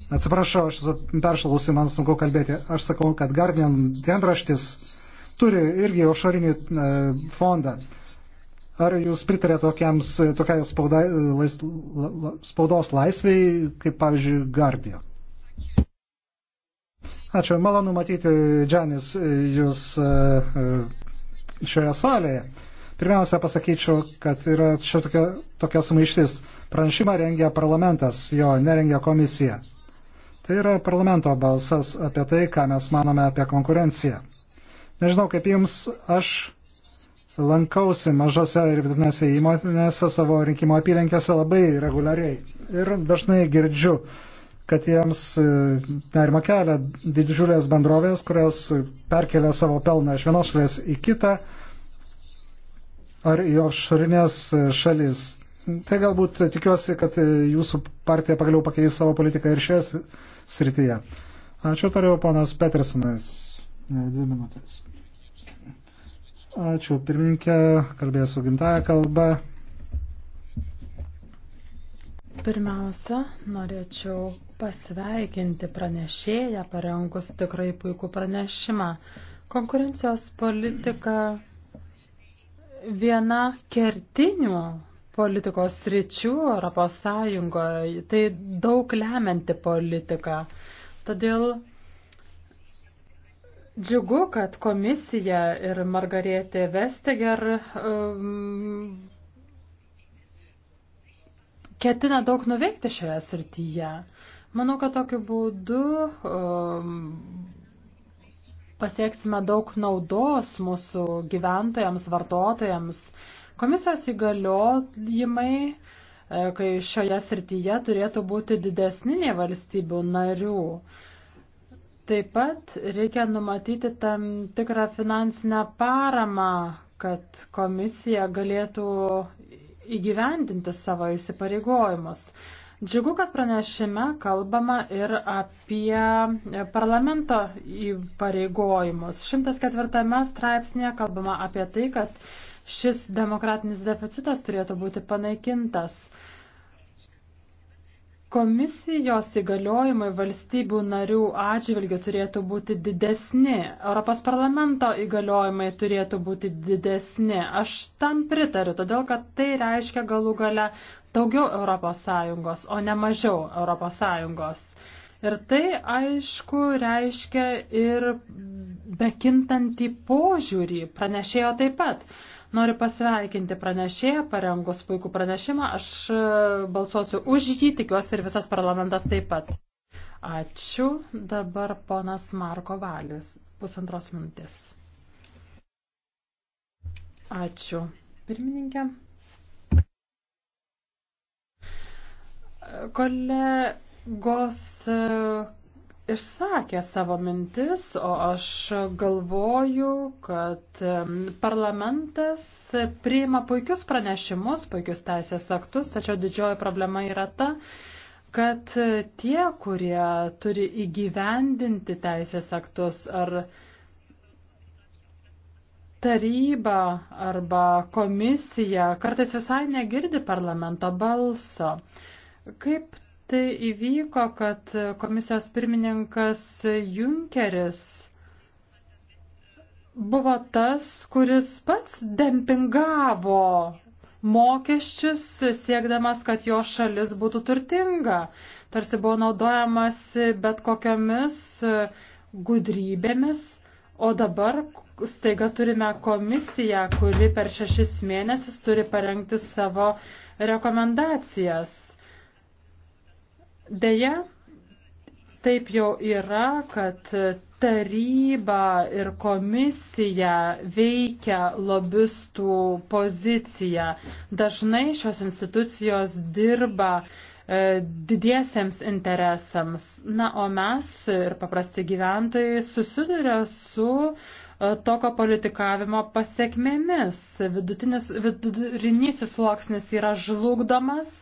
Atsiprašau, aš peršalusi, man sunku kalbėti. Aš sakau, kad Guardian dienraštis turi irgi ošorinį e, fondą. Ar jūs pritarė tokiams, tokiai spauda, lais, la, spaudos laisviai, kaip pavyzdžiui, Guardian? Ačiū, malonu matyti, Džanis, jūs e, e, šioje salėje. Pirmiausia, pasakyčiau, kad yra čia tokia, tokia sumaištis. Pranešimą rengia parlamentas, jo nerengia komisija. Tai yra parlamento balsas apie tai, ką mes manome apie konkurenciją. Nežinau, kaip jums aš lankausi mažose ir vidutinėse įmonėse savo rinkimo apylinkėse labai reguliariai. Ir dažnai girdžiu, kad jiems e, nerima kelia didžiulės bendrovės, kurios perkelia savo pelną iš vienos šalies į kitą ar į offshorinės šalis. Tai galbūt tikiuosi, kad jūsų partija pagaliau pakeis savo politiką ir šioje srityje. Ačiū tariau, ponas Petersonas. Dvi minutės. Ačiū pirmininkė, kalbėsiu gimtają kalbą. Pirmiausia, norėčiau pasveikinti pranešėją, parengus tikrai puikų pranešimą. Konkurencijos politika viena kertinių politikos ryčių Europos Sąjungoje, tai daug lemianti politika. Todėl Džiugu, kad komisija ir Margarėtė Vesteger um, ketina daug nuveikti šioje srityje. Manau, kad tokiu būdu um, pasieksime daug naudos mūsų gyventojams, vartotojams. Komisijos įgaliojimai, e, kai šioje srityje turėtų būti didesni nei valstybių narių. Uh, Taip pat reikia numatyti tam tikrą finansinę paramą, kad komisija galėtų įgyvendinti savo įsipareigojimus. Džiugu, kad pranešime kalbama ir apie parlamento įpareigojimus. 104 straipsnėje kalbama apie tai, kad šis demokratinis deficitas turėtų būti panaikintas. Komisijos įgaliojimai valstybių narių atžvilgių turėtų būti didesni, Europos parlamento įgaliojimai turėtų būti didesni. Aš tam pritariu, todėl kad tai reiškia galų gale daugiau Europos Sąjungos, o ne mažiau Europos Sąjungos. Ir tai, aišku, reiškia ir bekintantį požiūrį, pranešėjo taip pat. Noriu pasveikinti pranešėją, parengus puikų pranešimą. Aš e, balsuosiu už jį, tikiuosi ir visas parlamentas taip pat. Ačiū. Dabar ponas Marko Valis. Pusantros minutės. Ačiū. Pirmininkė. Kolegos išsakė savo mintis, o aš galvoju, kad parlamentas priima puikius pranešimus, puikius teisės aktus, tačiau didžioji problema yra ta, kad tie, kurie turi įgyvendinti teisės aktus ar taryba arba komisija, kartais visai negirdi parlamento balso. Kaip tai įvyko, kad komisijos pirmininkas Junkeris buvo tas, kuris pats dempingavo mokesčius, siekdamas, kad jo šalis būtų turtinga. Tarsi buvo naudojamas bet kokiamis gudrybėmis, o dabar staiga turime komisiją, kuri per šešis mėnesius turi parengti savo rekomendacijas. Deja, taip jau yra, kad taryba ir komisija veikia lobistų poziciją. Dažnai šios institucijos dirba e, didiesiems interesams. Na, o mes ir paprasti gyventojai susiduria su e, tokio politikavimo pasiekmėmis. Vidutinis, vidurinysis sluoksnis yra žlugdomas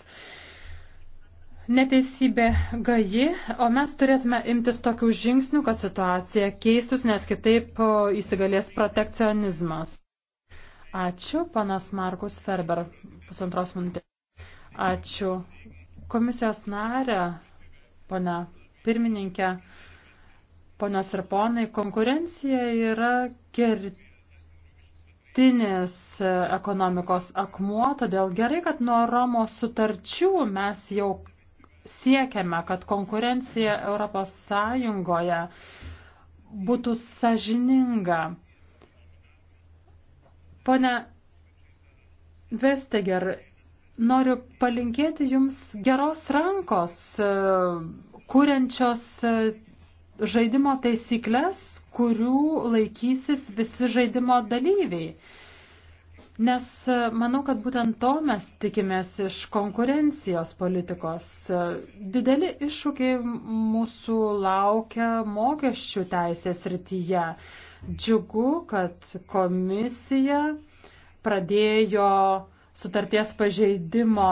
neteisybė gaji, o mes turėtume imtis tokių žingsnių, kad situacija keistus, nes kitaip įsigalės protekcionizmas. Ačiū, panas Markus Ferber, pusantros minutės. Ačiū. Komisijos narė, pana pirmininkė, ponios ir ponai, konkurencija yra kertinis ekonomikos akmuo, todėl gerai, kad nuo Romos sutarčių mes jau siekiame, kad konkurencija Europos Sąjungoje būtų sažininga. Pone Vesteger, noriu palinkėti Jums geros rankos, e, kuriančios e, žaidimo taisyklės, kurių laikysis visi žaidimo dalyviai. Nes e, manau, kad būtent to mes tikimės iš konkurencijos politikos. E, dideli iššūkiai mūsų laukia mokesčių teisės rytyje. Džiugu, kad komisija pradėjo sutarties pažeidimo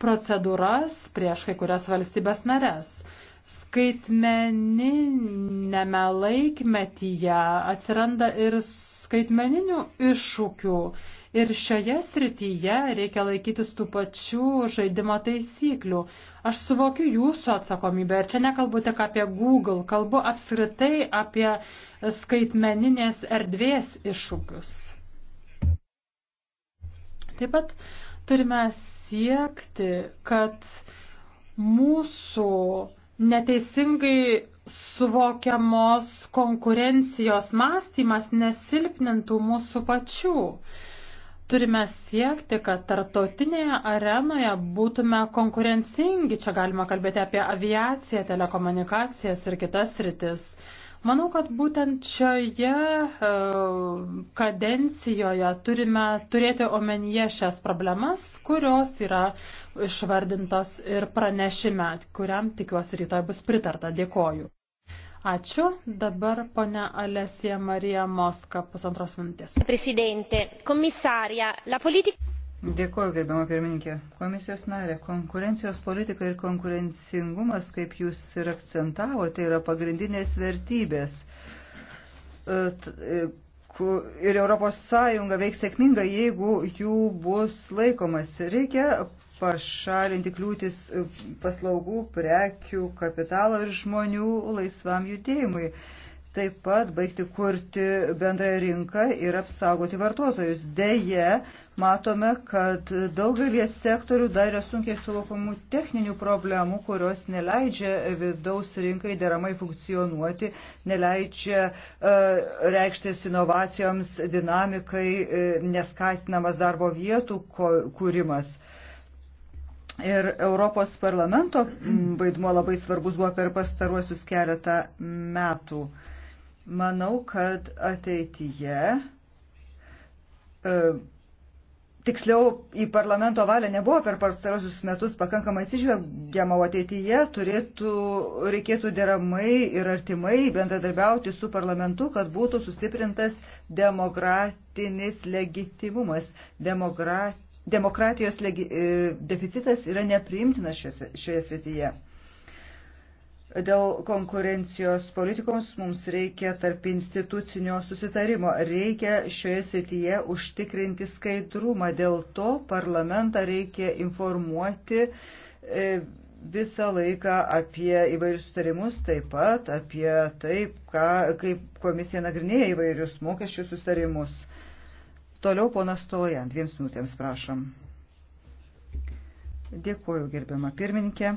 procedūras prieš kai kurias valstybės narės skaitmeninėme laikmetyje atsiranda ir skaitmeninių iššūkių. Ir šioje srityje reikia laikytis tų pačių žaidimo taisyklių. Aš suvokiu jūsų atsakomybę ir čia nekalbu tik apie Google, kalbu apskritai apie skaitmeninės erdvės iššūkius. Taip pat turime siekti, kad mūsų neteisingai suvokiamos konkurencijos mąstymas nesilpnintų mūsų pačių. Turime siekti, kad tarptautinėje arenoje būtume konkurencingi. Čia galima kalbėti apie aviaciją, telekomunikacijas ir kitas rytis. Manau, kad būtent šioje e, kadencijoje turime turėti omenyje šias problemas, kurios yra išvardintos ir pranešime, kuriam tikiuosi rytoj bus pritarta. Dėkoju. Ačiū. Dabar ponia Alesija Marija Moska, pusantros minutės. Presidente, komisarija, la politika. Dėkuoju, gerbiama pirmininkė. Komisijos narė, konkurencijos politika ir konkurencingumas, kaip jūs ir akcentavote, yra pagrindinės vertybės. E, e, ir Europos Sąjunga veiks sėkmingai, jeigu jų bus laikomas. Reikia pašalinti kliūtis e, paslaugų, prekių, kapitalo ir žmonių laisvam judėjimui taip pat baigti kurti bendrąją rinką ir apsaugoti vartotojus. Deja, matome, kad daugelies sektorių dar yra sunkiai suvokamų techninių problemų, kurios neleidžia vidaus rinkai deramai funkcionuoti, neleidžia uh, reikštis inovacijoms, dinamikai, uh, neskatinamas darbo vietų kūrimas. Ir Europos parlamento vaidmuo labai svarbus buvo per pastaruosius keletą metų. Uh, Manau, kad ateityje, e, tiksliau į parlamento valią nebuvo per pastarosius metus pakankamai atsižvelgiama, o ateityje turėtų, reikėtų deramai ir artimai bendradarbiauti su parlamentu, kad būtų sustiprintas demokratinis legitimumas. Demokrat, demokratijos legi, e, deficitas yra nepriimtinas šioje, šioje srityje. Dėl konkurencijos politikoms mums reikia tarp institucinio susitarimo. Reikia šioje srityje užtikrinti skaidrumą. Dėl to parlamentą reikia informuoti e, visą laiką apie įvairius sutarimus, taip pat apie taip, ką, kaip komisija nagrinėja įvairius mokesčių sutarimus. Toliau ponas Tolojan, dviems minutėms prašom. Dėkuoju, gerbiama pirmininkė.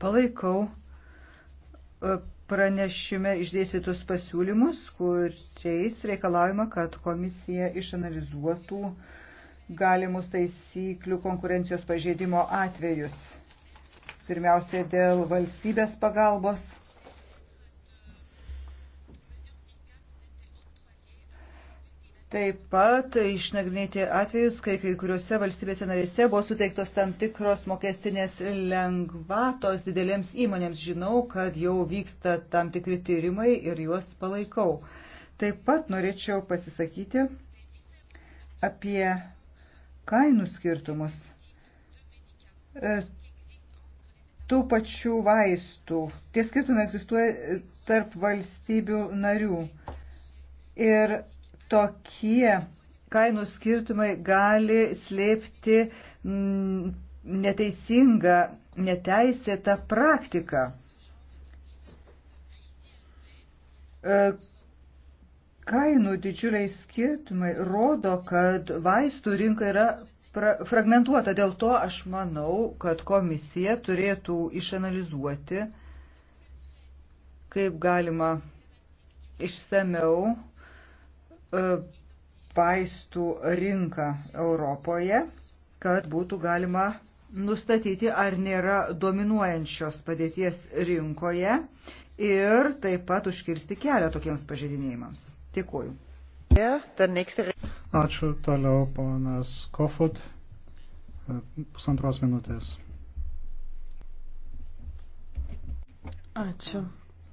Palaikau e, pranešime išdėstytus pasiūlymus, kuriais reikalavima, kad komisija išanalizuotų galimus taisyklių konkurencijos pažeidimo atvejus. Pirmiausia, dėl valstybės pagalbos Taip pat išnagrinėti atvejus, kai kai kuriuose valstybėse narėse buvo suteiktos tam tikros mokestinės lengvatos didelėms įmonėms. Žinau, kad jau vyksta tam tikri tyrimai ir juos palaikau. Taip pat norėčiau pasisakyti apie kainų skirtumus e, tų pačių vaistų. Tie skirtumai egzistuoja tarp valstybių narių. Ir tokie kainų skirtumai gali slėpti mm, neteisingą, neteisėtą praktiką. E, kainų didžiuliai skirtumai rodo, kad vaistų rinka yra fragmentuota. Dėl to aš manau, kad komisija turėtų išanalizuoti, kaip galima išsameu E, vaistų rinką Europoje, kad būtų galima nustatyti, ar nėra dominuojančios padėties rinkoje ir taip pat užkirsti kelią tokiems pažeidinėjimams. Dėkuoju. Ačiū toliau, ponas Kofut. E, pusantros minutės. Ačiū,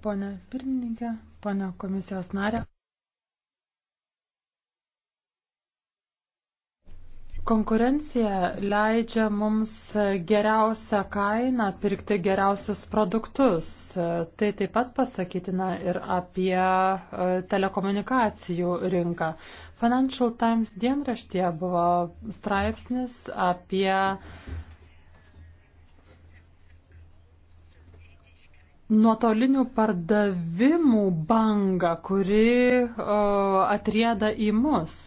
ponia pirmininkė, ponia komisijos narė. Konkurencija leidžia mums geriausią kainą pirkti geriausius produktus. Tai taip pat pasakytina ir apie e, telekomunikacijų rinką. Financial Times dienraštėje buvo straipsnis apie nuotolinių pardavimų bangą, kuri o, e, atrieda į mus.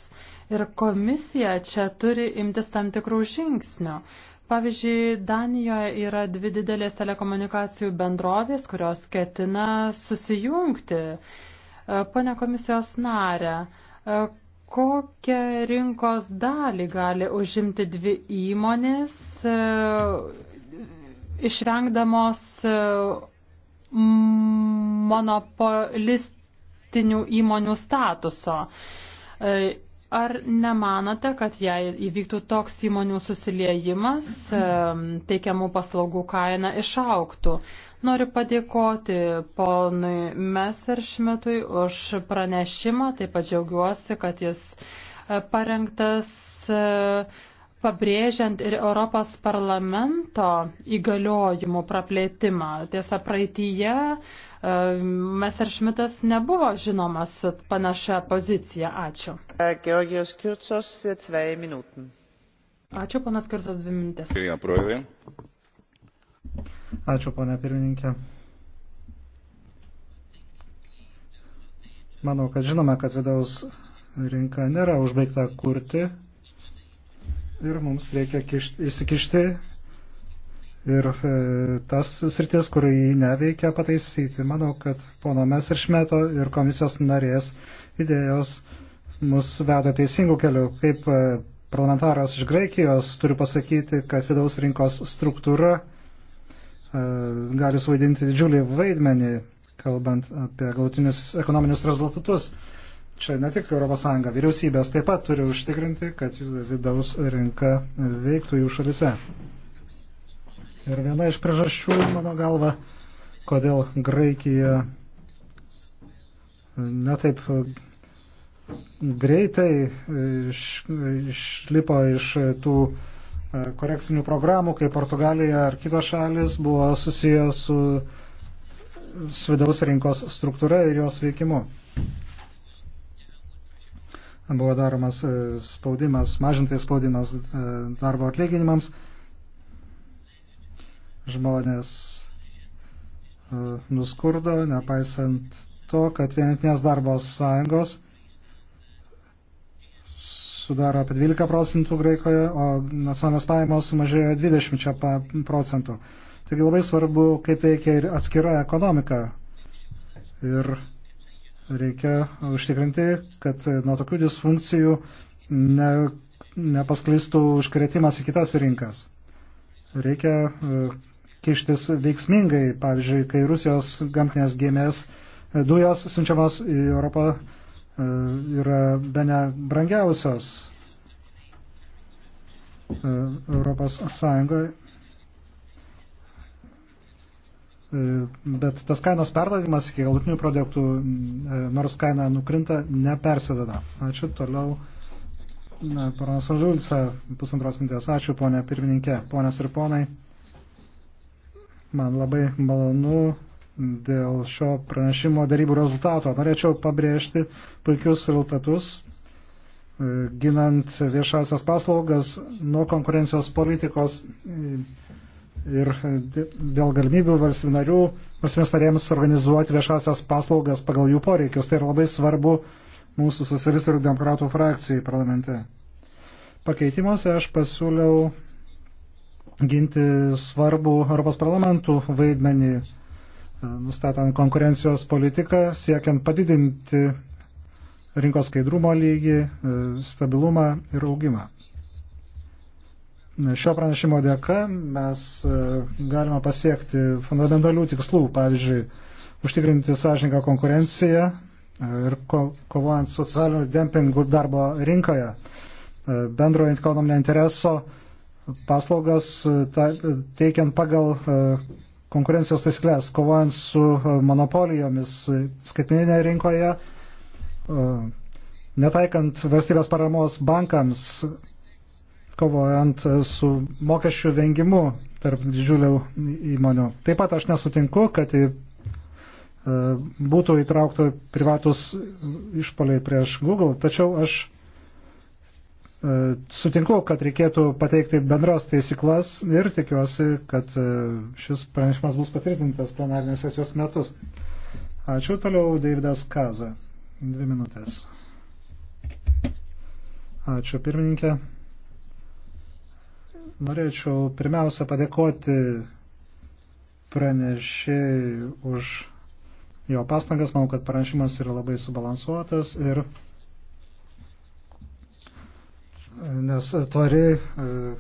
Ir komisija čia turi imtis tam tikrų žingsnių. Pavyzdžiui, Danijoje yra dvi didelės telekomunikacijų bendrovės, kurios ketina susijungti. E, pone komisijos narė, e, kokią rinkos dalį gali užimti dvi įmonės, e, išvengdamos monopolistinių įmonių statuso? Ar nemanote, kad jei įvyktų toks įmonių susiliejimas, teikiamų paslaugų kaina išauktų? Noriu padėkoti ponui Messerschmittui už pranešimą, taip pat džiaugiuosi, kad jis e, parengtas e, pabrėžiant ir Europos parlamento įgaliojimų praplėtimą. Tiesa, praeitįje E, Mesaršmitas nebuvo žinomas panašia pozicija. Ačiū. E, Georgijos Kircos, 2 minutės. Ačiū, panas Kircos, dvi minutės. Ačiū, ponia pirmininkė. Manau, kad žinome, kad vidaus rinka nėra užbaigta kurti ir mums reikia kišti, įsikišti ir e, tas sritis, kur jį neveikia pataisyti. Manau, kad pono Messerschmeto ir komisijos narės idėjos mus veda teisingų kelių. Kaip e, parlamentaras iš Graikijos turiu pasakyti, kad vidaus rinkos struktūra e, gali suvaidinti didžiulį vaidmenį, kalbant apie galutinius ekonominius rezultatus. Čia ne tik ES, vyriausybės taip pat turi užtikrinti, kad vidaus rinka veiktų jų šalise. Ir viena iš priežasčių, mano galva, kodėl Graikija netaip greitai iš, išlipo iš tų e, korekcinių programų, kai Portugalija ar kitos šalis buvo susijęs su, su vidaus rinkos struktūra ir jos veikimu. Buvo daromas e, spaudimas, mažintai spaudimas e, darbo atlyginimams žmonės e, nuskurdo, nepaisant to, kad vienintinės darbo sąjungos sudaro apie 12 procentų Graikoje, o nacionalinės pajamos sumažėjo 20 procentų. Taigi labai svarbu, kaip veikia ir atskira ekonomika. Ir reikia užtikrinti, kad nuo tokių disfunkcijų ne, nepasklistų užkretimas į kitas rinkas. Reikia e, kištis veiksmingai, pavyzdžiui, kai Rusijos gamtinės gėmės e, dujos siunčiamos į Europą e, yra be ne brangiausios e, Europos Sąjungoje. Bet tas kainos perdavimas iki galutinių produktų, nors kaina nukrinta, nepersideda. Ačiū toliau. Ponas Žulca, pusantros minties. Ačiū, ponė pirmininkė, ponės ir ponai. Man labai malonu dėl šio pranešimo darybų rezultato. Norėčiau pabrėžti puikius rezultatus, e, ginant viešasias paslaugas nuo konkurencijos politikos e, ir dėl galimybių valstybinarių, valstybės narėms organizuoti viešasias paslaugas pagal jų poreikius. Tai yra labai svarbu mūsų socialistų ir demokratų frakcijai parlamente. Pakeitimuose aš pasiūliau ginti svarbų Europos parlamentų vaidmenį, e, nustatant konkurencijos politiką, siekiant padidinti rinkos skaidrumo lygį, e, stabilumą ir augimą. Šio pranešimo dėka mes e, galime pasiekti fundamentalių tikslų, pavyzdžiui, užtikrinti sąžininką konkurenciją ir ko, kovojant socialiniu dempingu darbo rinkoje, bendrojo ekonominio intereso paslaugas e, teikiant pagal e, konkurencijos taisyklės, kovojant su e, monopolijomis skaitmeninėje rinkoje, netaikant valstybės paramos bankams, kovojant su mokesčių vengimu tarp didžiulių įmonių. Taip pat aš nesutinku, kad būtų įtraukta privatus išpoliai prieš Google, tačiau aš E, sutinku, kad reikėtų pateikti bendras taisyklas ir tikiuosi, kad e, šis pranešimas bus patvirtintas plenarinės sesijos metus. Ačiū toliau, Davidas Kaza. Dvi minutės. Ačiū pirmininkė. Norėčiau pirmiausia padėkoti pranešėjai už jo pastangas. Manau, kad pranešimas yra labai subalansuotas ir nes tvari e,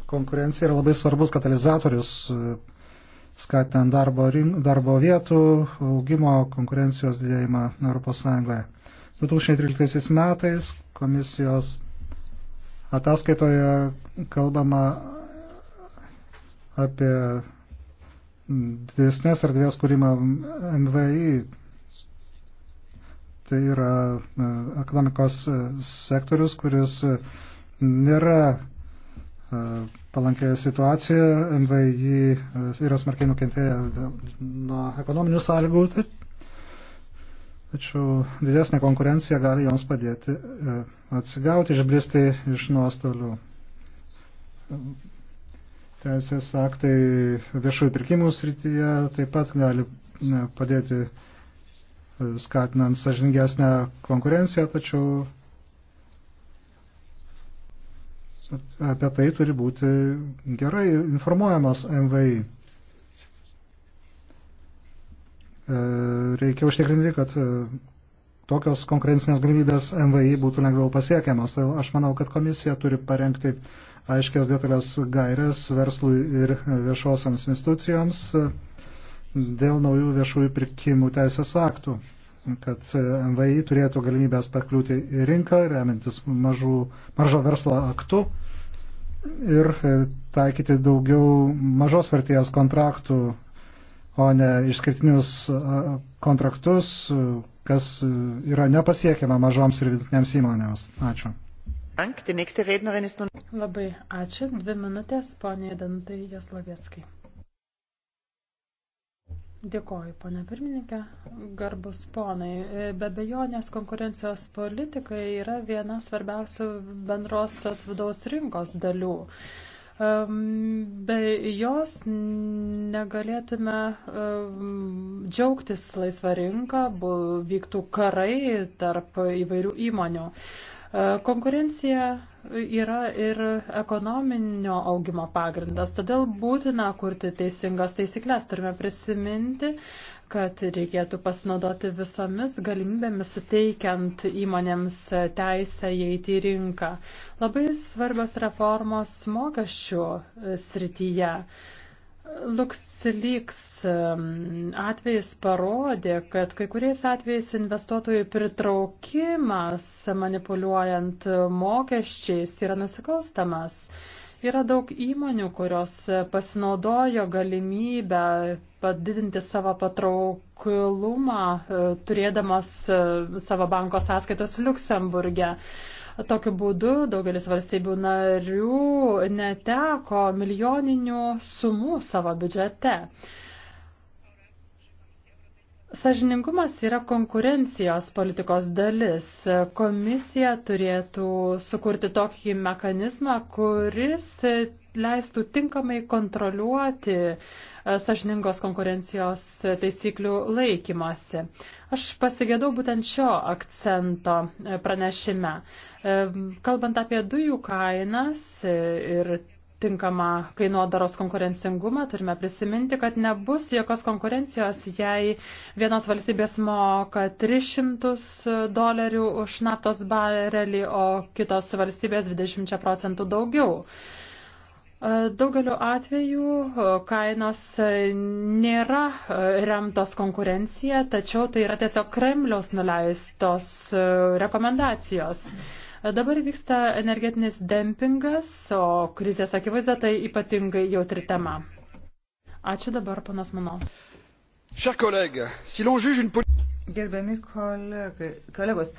konkurencija yra labai svarbus katalizatorius e, skatinant darbo, darbo vietų, augimo, konkurencijos didėjimą ES. 2013 metais komisijos ataskaitoje kalbama apie didesnės erdvės kūrimą MVI. Tai yra e, ekonomikos sektorius, kuris nėra e, palankioje situacijoje, MVI e, yra smarkiai nukentėję nuo ekonominių sąlygų, tai- tačiau didesnė konkurencija gali joms padėti e, atsigauti, išbristi iš nuostolių. Teisės aktai viešųjų pirkimų srityje taip pat gali padėti skatinant sažingesnę konkurenciją, tačiau apie tai turi būti gerai informuojamas MVI. E, reikia užtikrinti, kad e, tokios konkurencinės galimybės MVI būtų lengviau pasiekiamas. Tai aš manau, kad komisija turi parengti aiškias detalės gairias verslui ir viešosiams institucijoms e, dėl naujų viešųjų pirkimų teisės aktų kad MVI turėtų galimybės pakliūti į rinką, remintis mažų, mažo verslo aktu ir e, taikyti daugiau mažos vertės kontraktų, o ne išskirtinius e, kontraktus, e, kas yra nepasiekiama mažoms ir vidutinėms įmonėms. Ačiū. Labai ačiū. Dvi minutės, ponė Dantai Jaslovėtskai. Dėkoju, pane pirmininkė, garbus ponai. E, be bejonės konkurencijos politika yra viena svarbiausių bendrosios vidaus rinkos dalių. Be jos negalėtume džiaugtis laisvą rinką, vyktų karai tarp įvairių įmonių. E, konkurencija yra ir ekonominio augimo pagrindas, todėl būtina kurti teisingas taisyklės. Turime prisiminti, kad reikėtų pasinaudoti visomis galimybėmis suteikiant įmonėms teisę įeiti į rinką. Labai svarbios reformos mokesčių srityje. LuxLeaks um, atvejais parodė, kad kai kuriais atvejais investuotojų pritraukimas manipuliuojant mokesčiais yra nusikalstamas. Yra daug įmonių, kurios pasinaudojo galimybę padidinti savo patrauklumą, uh, turėdamas uh, savo banko sąskaitas Luksemburge. Tokiu būdu daugelis valstybių narių neteko milijoninių sumų savo biudžete. Sažiningumas yra konkurencijos politikos dalis. Komisija turėtų sukurti tokį mechanizmą, kuris leistų tinkamai kontroliuoti e, sažiningos konkurencijos taisyklių laikymasi. Aš pasigėdau būtent šio akcento e, pranešime. E, kalbant apie dujų kainas ir tinkamą kainodaros konkurencingumą, turime prisiminti, kad nebus jokios konkurencijos, jei vienos valstybės moka 300 dolerių už naftos barelį, o kitos valstybės 20 procentų daugiau. Daugeliu atveju e, kainos nėra e, remtos konkurencija, tačiau tai yra tiesiog Kremliaus nuleistos e, rekomendacijos. Dabar vyksta energetinis dempingas, o krizės akivaizda tai ypatingai jautri tema. Ačiū dabar, panas Mano. Gerbiami kolegos,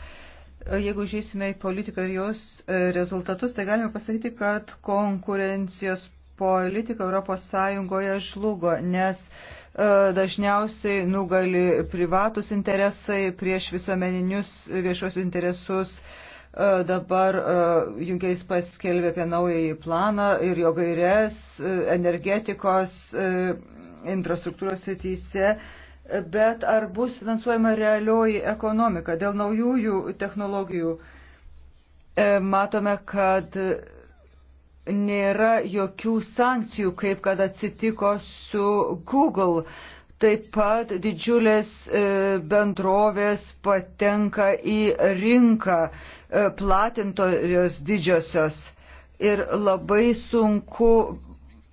Jeigu žiūrėsime į politiką ir jos e, rezultatus, tai galime pasakyti, kad konkurencijos politika ES žlugo, nes e, dažniausiai nugali privatus interesai prieš visuomeninius viešosius interesus e, dabar Junkeris paskelbė apie naująjį planą ir jo gairės energetikos infrastruktūros srityse bet ar bus finansuojama realioji ekonomika dėl naujųjų technologijų? E, matome, kad nėra jokių sankcijų, kaip kad atsitiko su Google. Taip pat didžiulės e, bendrovės patenka į rinką e, platintojos didžiosios ir labai sunku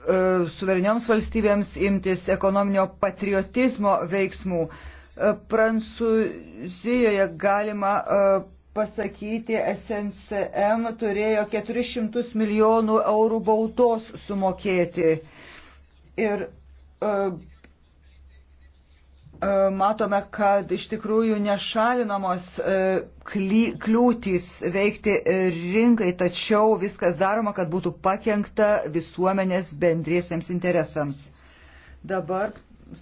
E, suverenioms valstybėms imtis ekonominio patriotizmo veiksmų. E, Prancūzijoje galima e, pasakyti, SNCM turėjo 400 milijonų eurų baudos sumokėti. Ir E, matome, kad iš tikrųjų nešalinamos e, kliūtys veikti rinkai, tačiau viskas daroma, kad būtų pakengta visuomenės bendriesiams interesams. Dabar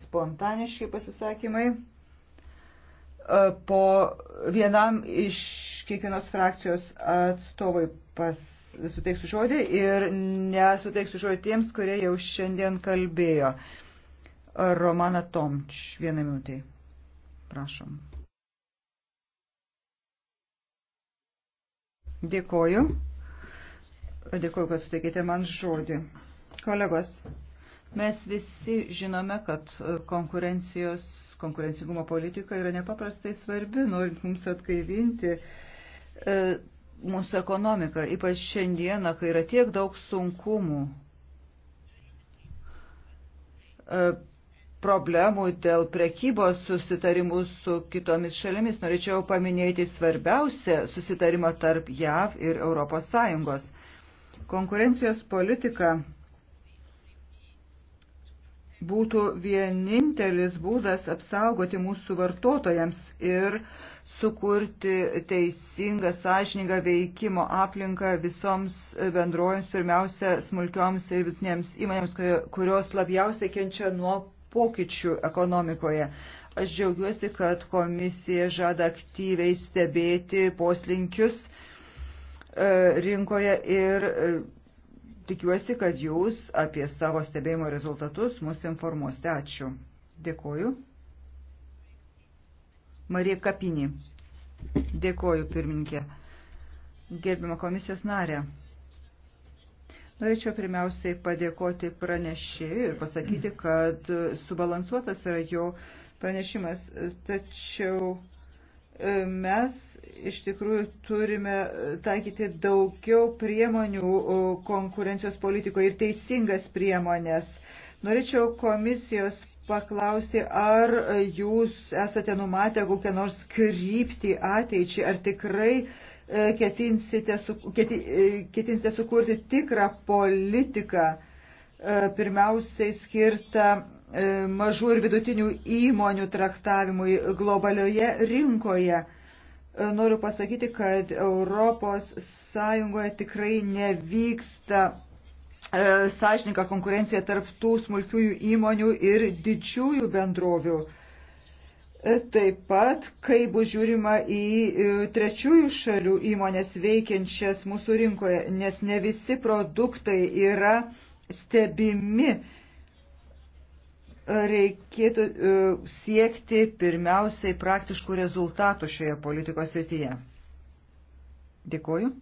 spontaniški pasisakymai. E, po vienam iš kiekvienos frakcijos atstovai pas, suteiksiu žodį ir nesuteiksiu žodį tiems, kurie jau šiandien kalbėjo. Uh, Romana Tomč. Vieną minutę. Prašom. Dėkoju. Dėkoju, kad suteikėte man žodį. Kolegos, mes visi žinome, kad konkurencijos, konkurencingumo politika yra nepaprastai svarbi, norint mums atgaivinti e, mūsų ekonomiką, ypač šiandieną, kai yra tiek daug sunkumų. E, problemų dėl prekybos susitarimų su kitomis šalimis. Norėčiau paminėti svarbiausią susitarimą tarp JAV ir ES. Konkurencijos politika būtų vienintelis būdas apsaugoti mūsų vartotojams ir sukurti teisingą, sąžiningą veikimo aplinką visoms bendrojams, pirmiausia, smulkioms ir vidutinėms įmonėms, kurios labiausiai kenčia nuo pokyčių ekonomikoje. Aš džiaugiuosi, kad komisija žada aktyviai stebėti poslinkius e, rinkoje ir e, tikiuosi, kad jūs apie savo stebėjimo rezultatus mus informuosite. Ačiū. Dėkoju. Marija Kapinė. Dėkoju, pirmininkė. Gerbimo komisijos narė. Norėčiau pirmiausiai padėkoti pranešėjui ir pasakyti, kad subalansuotas yra jo pranešimas. Tačiau e, mes iš tikrųjų turime taikyti daugiau priemonių e, konkurencijos politikoje ir teisingas priemonės. Norėčiau komisijos paklausti, ar jūs esate numatę kokią nors kryptį ateičiai, ar tikrai E, ketinsite, su, keti, e, ketinsite sukurti tikrą politiką, e, pirmiausiai skirtą mažų ir vidutinių įmonių traktavimui globalioje rinkoje. Noriu pasakyti, kad Europos Sąjungoje tikrai nevyksta sąžininką konkurenciją tarp tų smulkiųjų įmonių ir didžiųjų bendrovių taip pat, kaip bus žiūrima į e, trečiųjų šalių įmonės veikiančias mūsų rinkoje, nes ne visi produktai yra stebimi. Reikėtų e, siekti pirmiausiai praktiškų rezultatų šioje politikos srityje. Dėkoju.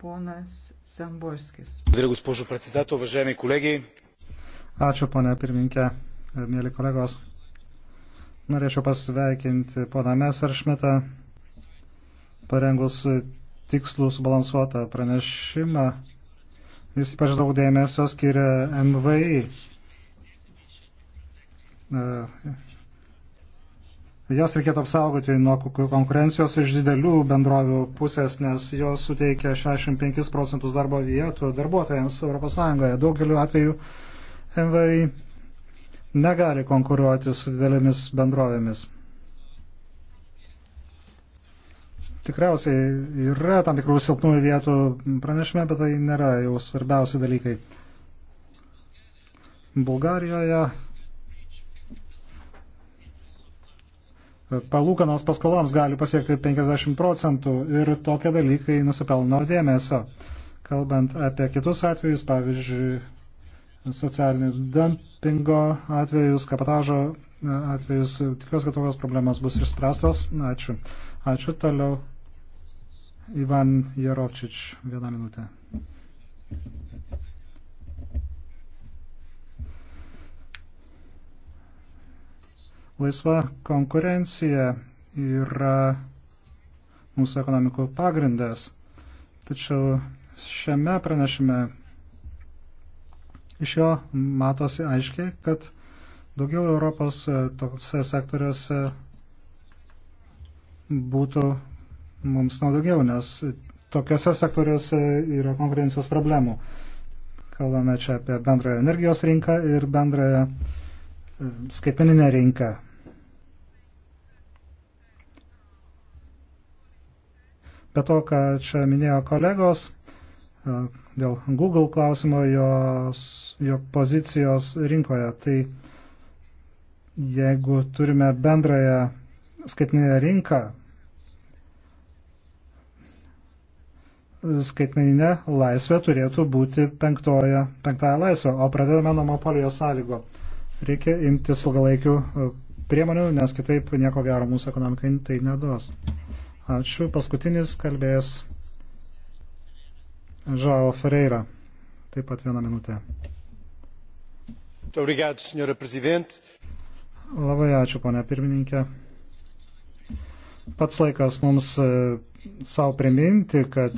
Ponas Samborskis. Ačiū, ponia pirminkė, mėly kolegos. Norėčiau pasveikinti poną Mesaršmetą, parengus tikslų subalansuotą pranešimą. Jis ypač daug dėmesio skiria MVI. E, jas reikėtų apsaugoti nuo konkurencijos iš didelių bendrovių pusės, nes jos suteikia 65 procentus darbo vietų darbuotojams ES. Daugeliu atveju MVI negali konkuruoti su didelėmis bendrovėmis. Tikriausiai yra tam tikrų silpnųjų vietų pranešime, bet tai nėra jau svarbiausi dalykai. Bulgarijoje palūkanos paskoloms gali pasiekti 50 procentų ir tokie dalykai nusipelno dėmesio. Kalbant apie kitus atvejus, pavyzdžiui, socialinio dumpingo atvejus, kapitažo e, atvejus. Tikiuosi, kad tokios problemas bus išspręstos. Ačiū. Ačiū. Toliau Ivan Jarovčič. Vieną minutę. Laisva konkurencija yra mūsų ekonomikų pagrindas. Tačiau šiame pranešime Iš jo matosi aiškiai, kad daugiau Europos e, tose sektoriuose būtų mums naudingiau, nes tokiuose sektoriuose yra konkurencijos problemų. Kalbame čia apie bendrąją energijos rinką ir bendrąją e, skaitmeninę rinką. Be to, ką čia minėjo kolegos, E, dėl Google klausimo, jos, jo pozicijos rinkoje. Tai jeigu turime bendrąją skaitmeninę rinką, skaitmeninė laisvė turėtų būti penktoje, penktąją laisvę, o pradedame nuo monopolijos sąlygo. Reikia imtis ilgalaikių e, priemonių, nes kitaip nieko gero mūsų ekonomikai tai neduos. Ačiū. Paskutinis kalbės Žao Ferreira. Taip pat vieną minutę. Obrigado, Labai ačiū, ponė pirmininkė. Pats laikas mums e, savo priminti, kad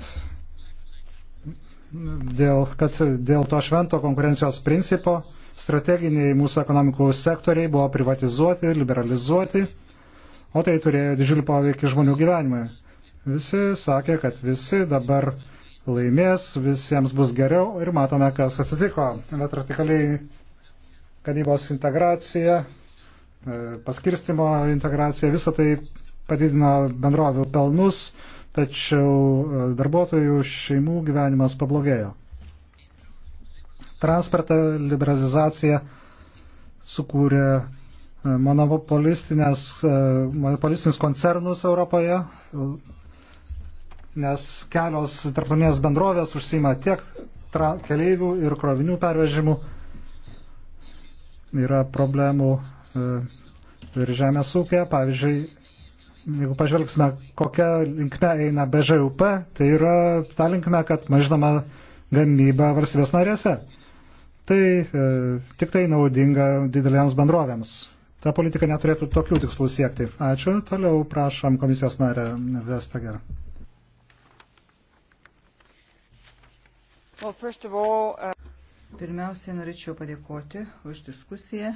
dėl, kad dėl to švento konkurencijos principo strateginiai mūsų ekonomikų sektoriai buvo privatizuoti, liberalizuoti, o tai turėjo didžiulį poveikį žmonių gyvenimui. Visi sakė, kad visi dabar uh, laimės, visiems bus geriau ir matome, kas atsitiko. Vertikaliai kanybos integracija, e, paskirstimo integracija, visą tai padidino bendrovių pelnus, tačiau e, darbuotojų šeimų gyvenimas pablogėjo. Transportą liberalizacija sukūrė e, monopolistinius koncernus Europoje, nes kelios tarptautinės bendrovės užsima tiek keleivių ir krovinių pervežimų. Yra problemų e, ir žemės ūkė. Pavyzdžiui, jeigu pažvelgsime, kokia linkme eina BŽUP, tai yra ta linkme, kad mažinama gamyba valstybės narėse. Tai e, tik tai naudinga didelėms bendrovėms. Ta politika neturėtų tokių tikslų siekti. Ačiū. Toliau prašom komisijos narę Vestager. Uh, Pirmiausiai norėčiau padėkoti už diskusiją.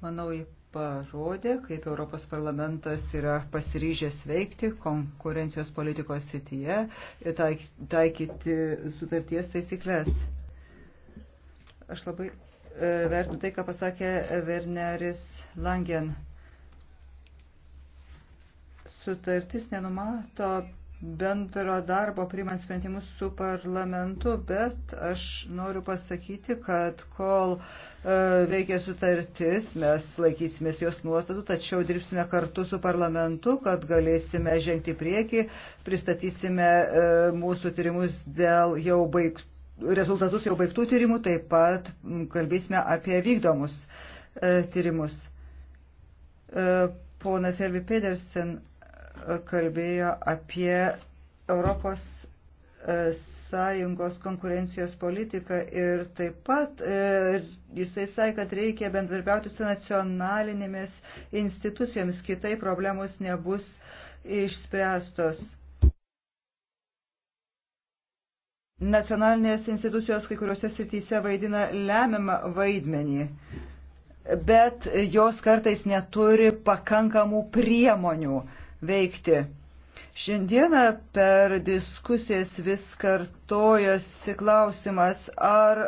Manau, jį parodė, kaip Europos parlamentas yra pasiryžęs veikti konkurencijos politikos sityje ir taikyti sutarties taisyklės. Aš labai e, vertinu tai, ką pasakė Werneris Langen. Sutartis nenumato bendro darbo primant sprendimus su parlamentu, bet aš noriu pasakyti, kad kol e, veikia sutartis, mes laikysimės jos nuostatų, tačiau dirbsime kartu su parlamentu, kad galėsime žengti prieki, pristatysime e, mūsų tyrimus dėl jau baigtų. Rezultatus jau baigtų tyrimų taip pat kalbėsime apie vykdomus e, tyrimus. E, ponas Elvi Pedersen kalbėjo apie Europos e, sąjungos konkurencijos politiką ir taip pat e, ir jisai sakė, kad reikia bendradarbiauti su nacionalinėmis institucijomis, kitai problemos nebus išspręstos. Nacionalinės institucijos kai kuriuose srityse vaidina lemiamą vaidmenį, bet jos kartais neturi pakankamų priemonių veikti. Šiandieną per diskusijas vis kartojosi klausimas, ar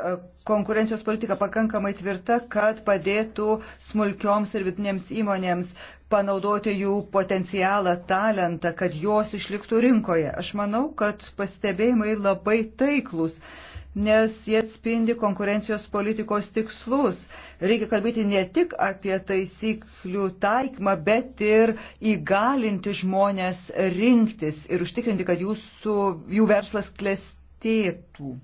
konkurencijos politika pakankamai tvirta, kad padėtų smulkioms ir vidinėms įmonėms panaudoti jų potencialą, talentą, kad jos išliktų rinkoje. Aš manau, kad pastebėjimai labai taiklus nes jie atspindi konkurencijos politikos tikslus. Reikia kalbėti ne tik apie taisyklių taikymą, bet ir įgalinti žmonės rinktis ir užtikrinti, kad jūsų, jų verslas klestėtų.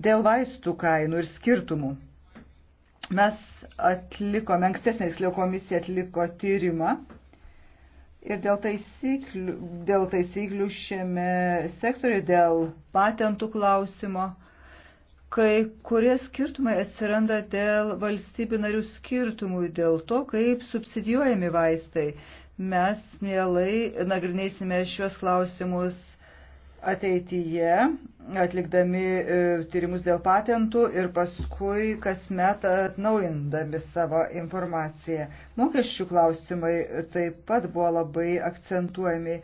Dėl vaistų kainų ir skirtumų. Mes atlikome, ankstesnė komisija atliko tyrimą Ir dėl taisyklių, dėl taisyklių šiame sektoriu, dėl patentų klausimo, kai kurie skirtumai atsiranda dėl valstybių narių skirtumų, dėl to, kaip subsidijuojami vaistai. Mes mielai nagrinėsime šios klausimus ateityje, atlikdami e, tyrimus dėl patentų ir paskui kasmet atnaujindami savo informaciją. Mokesčių klausimai taip pat buvo labai akcentuojami.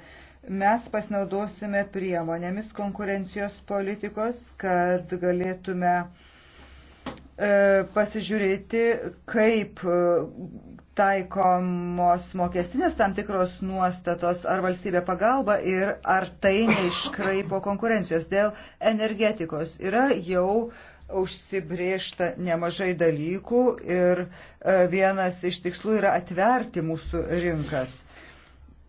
Mes pasinaudosime priemonėmis konkurencijos politikos, kad galėtume e, pasižiūrėti, kaip taikomos mokestinės tam tikros nuostatos ar valstybė pagalba ir ar tai neiškraipo konkurencijos dėl energetikos. Yra jau užsibriešta nemažai dalykų ir e, vienas iš tikslų yra atverti mūsų rinkas.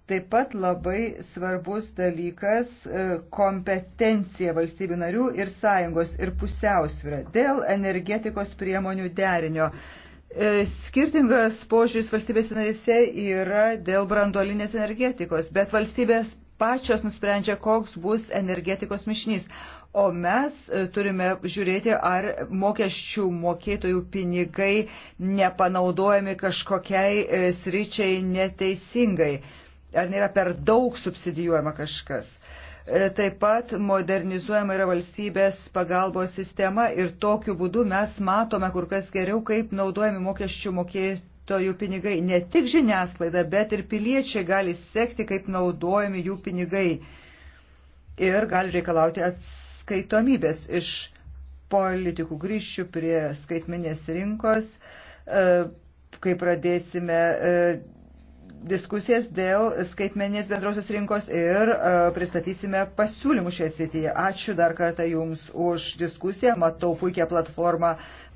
Taip pat labai svarbus dalykas e, kompetencija valstybių narių ir sąjungos ir pusiausvyrą dėl energetikos priemonių derinio. E, skirtingas požiūris valstybės narėse yra dėl branduolinės energetikos, bet valstybės pačios nusprendžia, koks bus energetikos mišnys. O mes e, turime žiūrėti, ar mokesčių mokėtojų pinigai nepanaudojami kažkokiai e, sričiai neteisingai, ar nėra per daug subsidijuojama kažkas. E, taip pat modernizuojama yra valstybės pagalbos sistema ir tokiu būdu mes matome kur kas geriau, kaip naudojami mokesčių mokėtojų pinigai. Ne tik žiniasklaida, bet ir piliečiai gali sekti, kaip naudojami jų pinigai ir gali reikalauti atskaitomybės iš politikų grįžčių prie skaitmenės rinkos, e, kai pradėsime e, diskusijas dėl skaitmenės bendrosios rinkos ir e, pristatysime pasiūlymus šioje srityje. Ačiū dar kartą Jums už diskusiją. Matau puikią platformą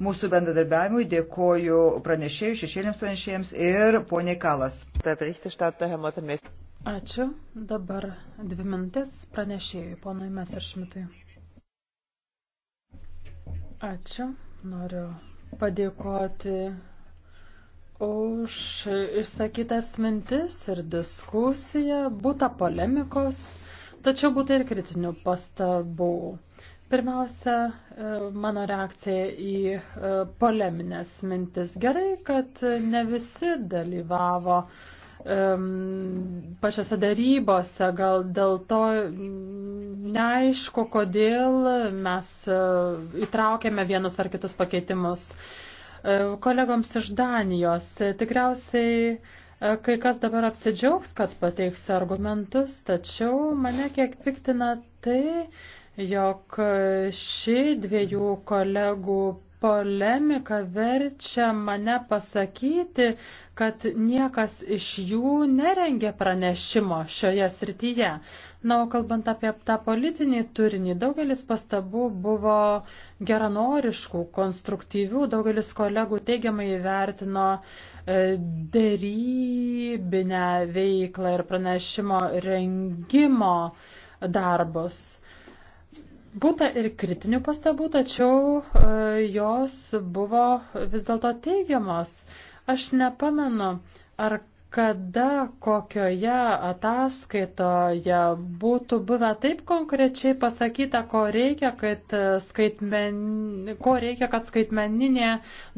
mūsų bendradarbiavimui. Dėkoju pranešėjų, šešėlėms pranešėjams ir poniai Kalas. Ačiū. Dabar dvi mintis pranešėjui, ponai Meseršmitui. Ačiū. Noriu padėkoti už išsakytas mintis ir diskusiją, būta polemikos, tačiau būta ir kritinių pastabų. Pirmiausia, e, mano reakcija į e, poleminės mintis. Gerai, kad ne visi dalyvavo pačiose darybose, gal dėl to mm, neaišku, kodėl mes e, įtraukėme vienus ar kitus pakeitimus. E, kolegoms iš Danijos. E, tikriausiai e, kai kas dabar apsidžiaugs, kad pateiksiu argumentus, tačiau mane kiek piktina tai, jog ši dviejų kolegų polemika verčia mane pasakyti, kad niekas iš jų nerengė pranešimo šioje srityje. Na, o kalbant apie tą politinį turinį, daugelis pastabų buvo geranoriškų, konstruktyvių, daugelis kolegų teigiamai įvertino e, dėrybinę veiklą ir pranešimo rengimo darbus. Būta ir kritinių pastabų, tačiau e, jos buvo vis dėlto teigiamos. Aš nepamenu, ar kada kokioje ataskaitoje būtų buvę taip konkrečiai pasakyta, ko reikia, kad, skaitmen, ko reikia, kad skaitmeninė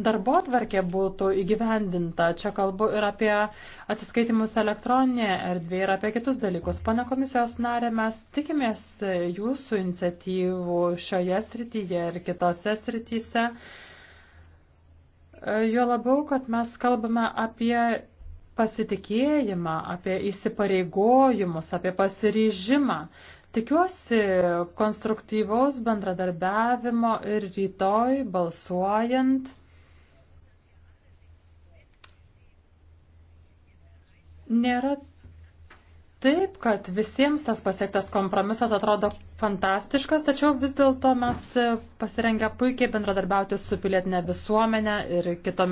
darbo tvarkė būtų įgyvendinta. Čia kalbu ir apie atsiskaitimus elektroninėje erdvėje ir apie kitus dalykus. Pane komisijos narė, mes tikimės jūsų iniciatyvų šioje srityje ir kitose srityse. Jo labiau, kad mes kalbame apie pasitikėjimą, apie įsipareigojimus, apie pasiryžimą. Tikiuosi konstruktyvaus bendradarbiavimo ir rytoj balsuojant. Nėra Taip, kad visiems tas pasiektas kompromisas atrodo fantastiškas, tačiau vis dėlto mes pasirengę puikiai bendradarbiauti su pilietinė visuomenė ir kitomis.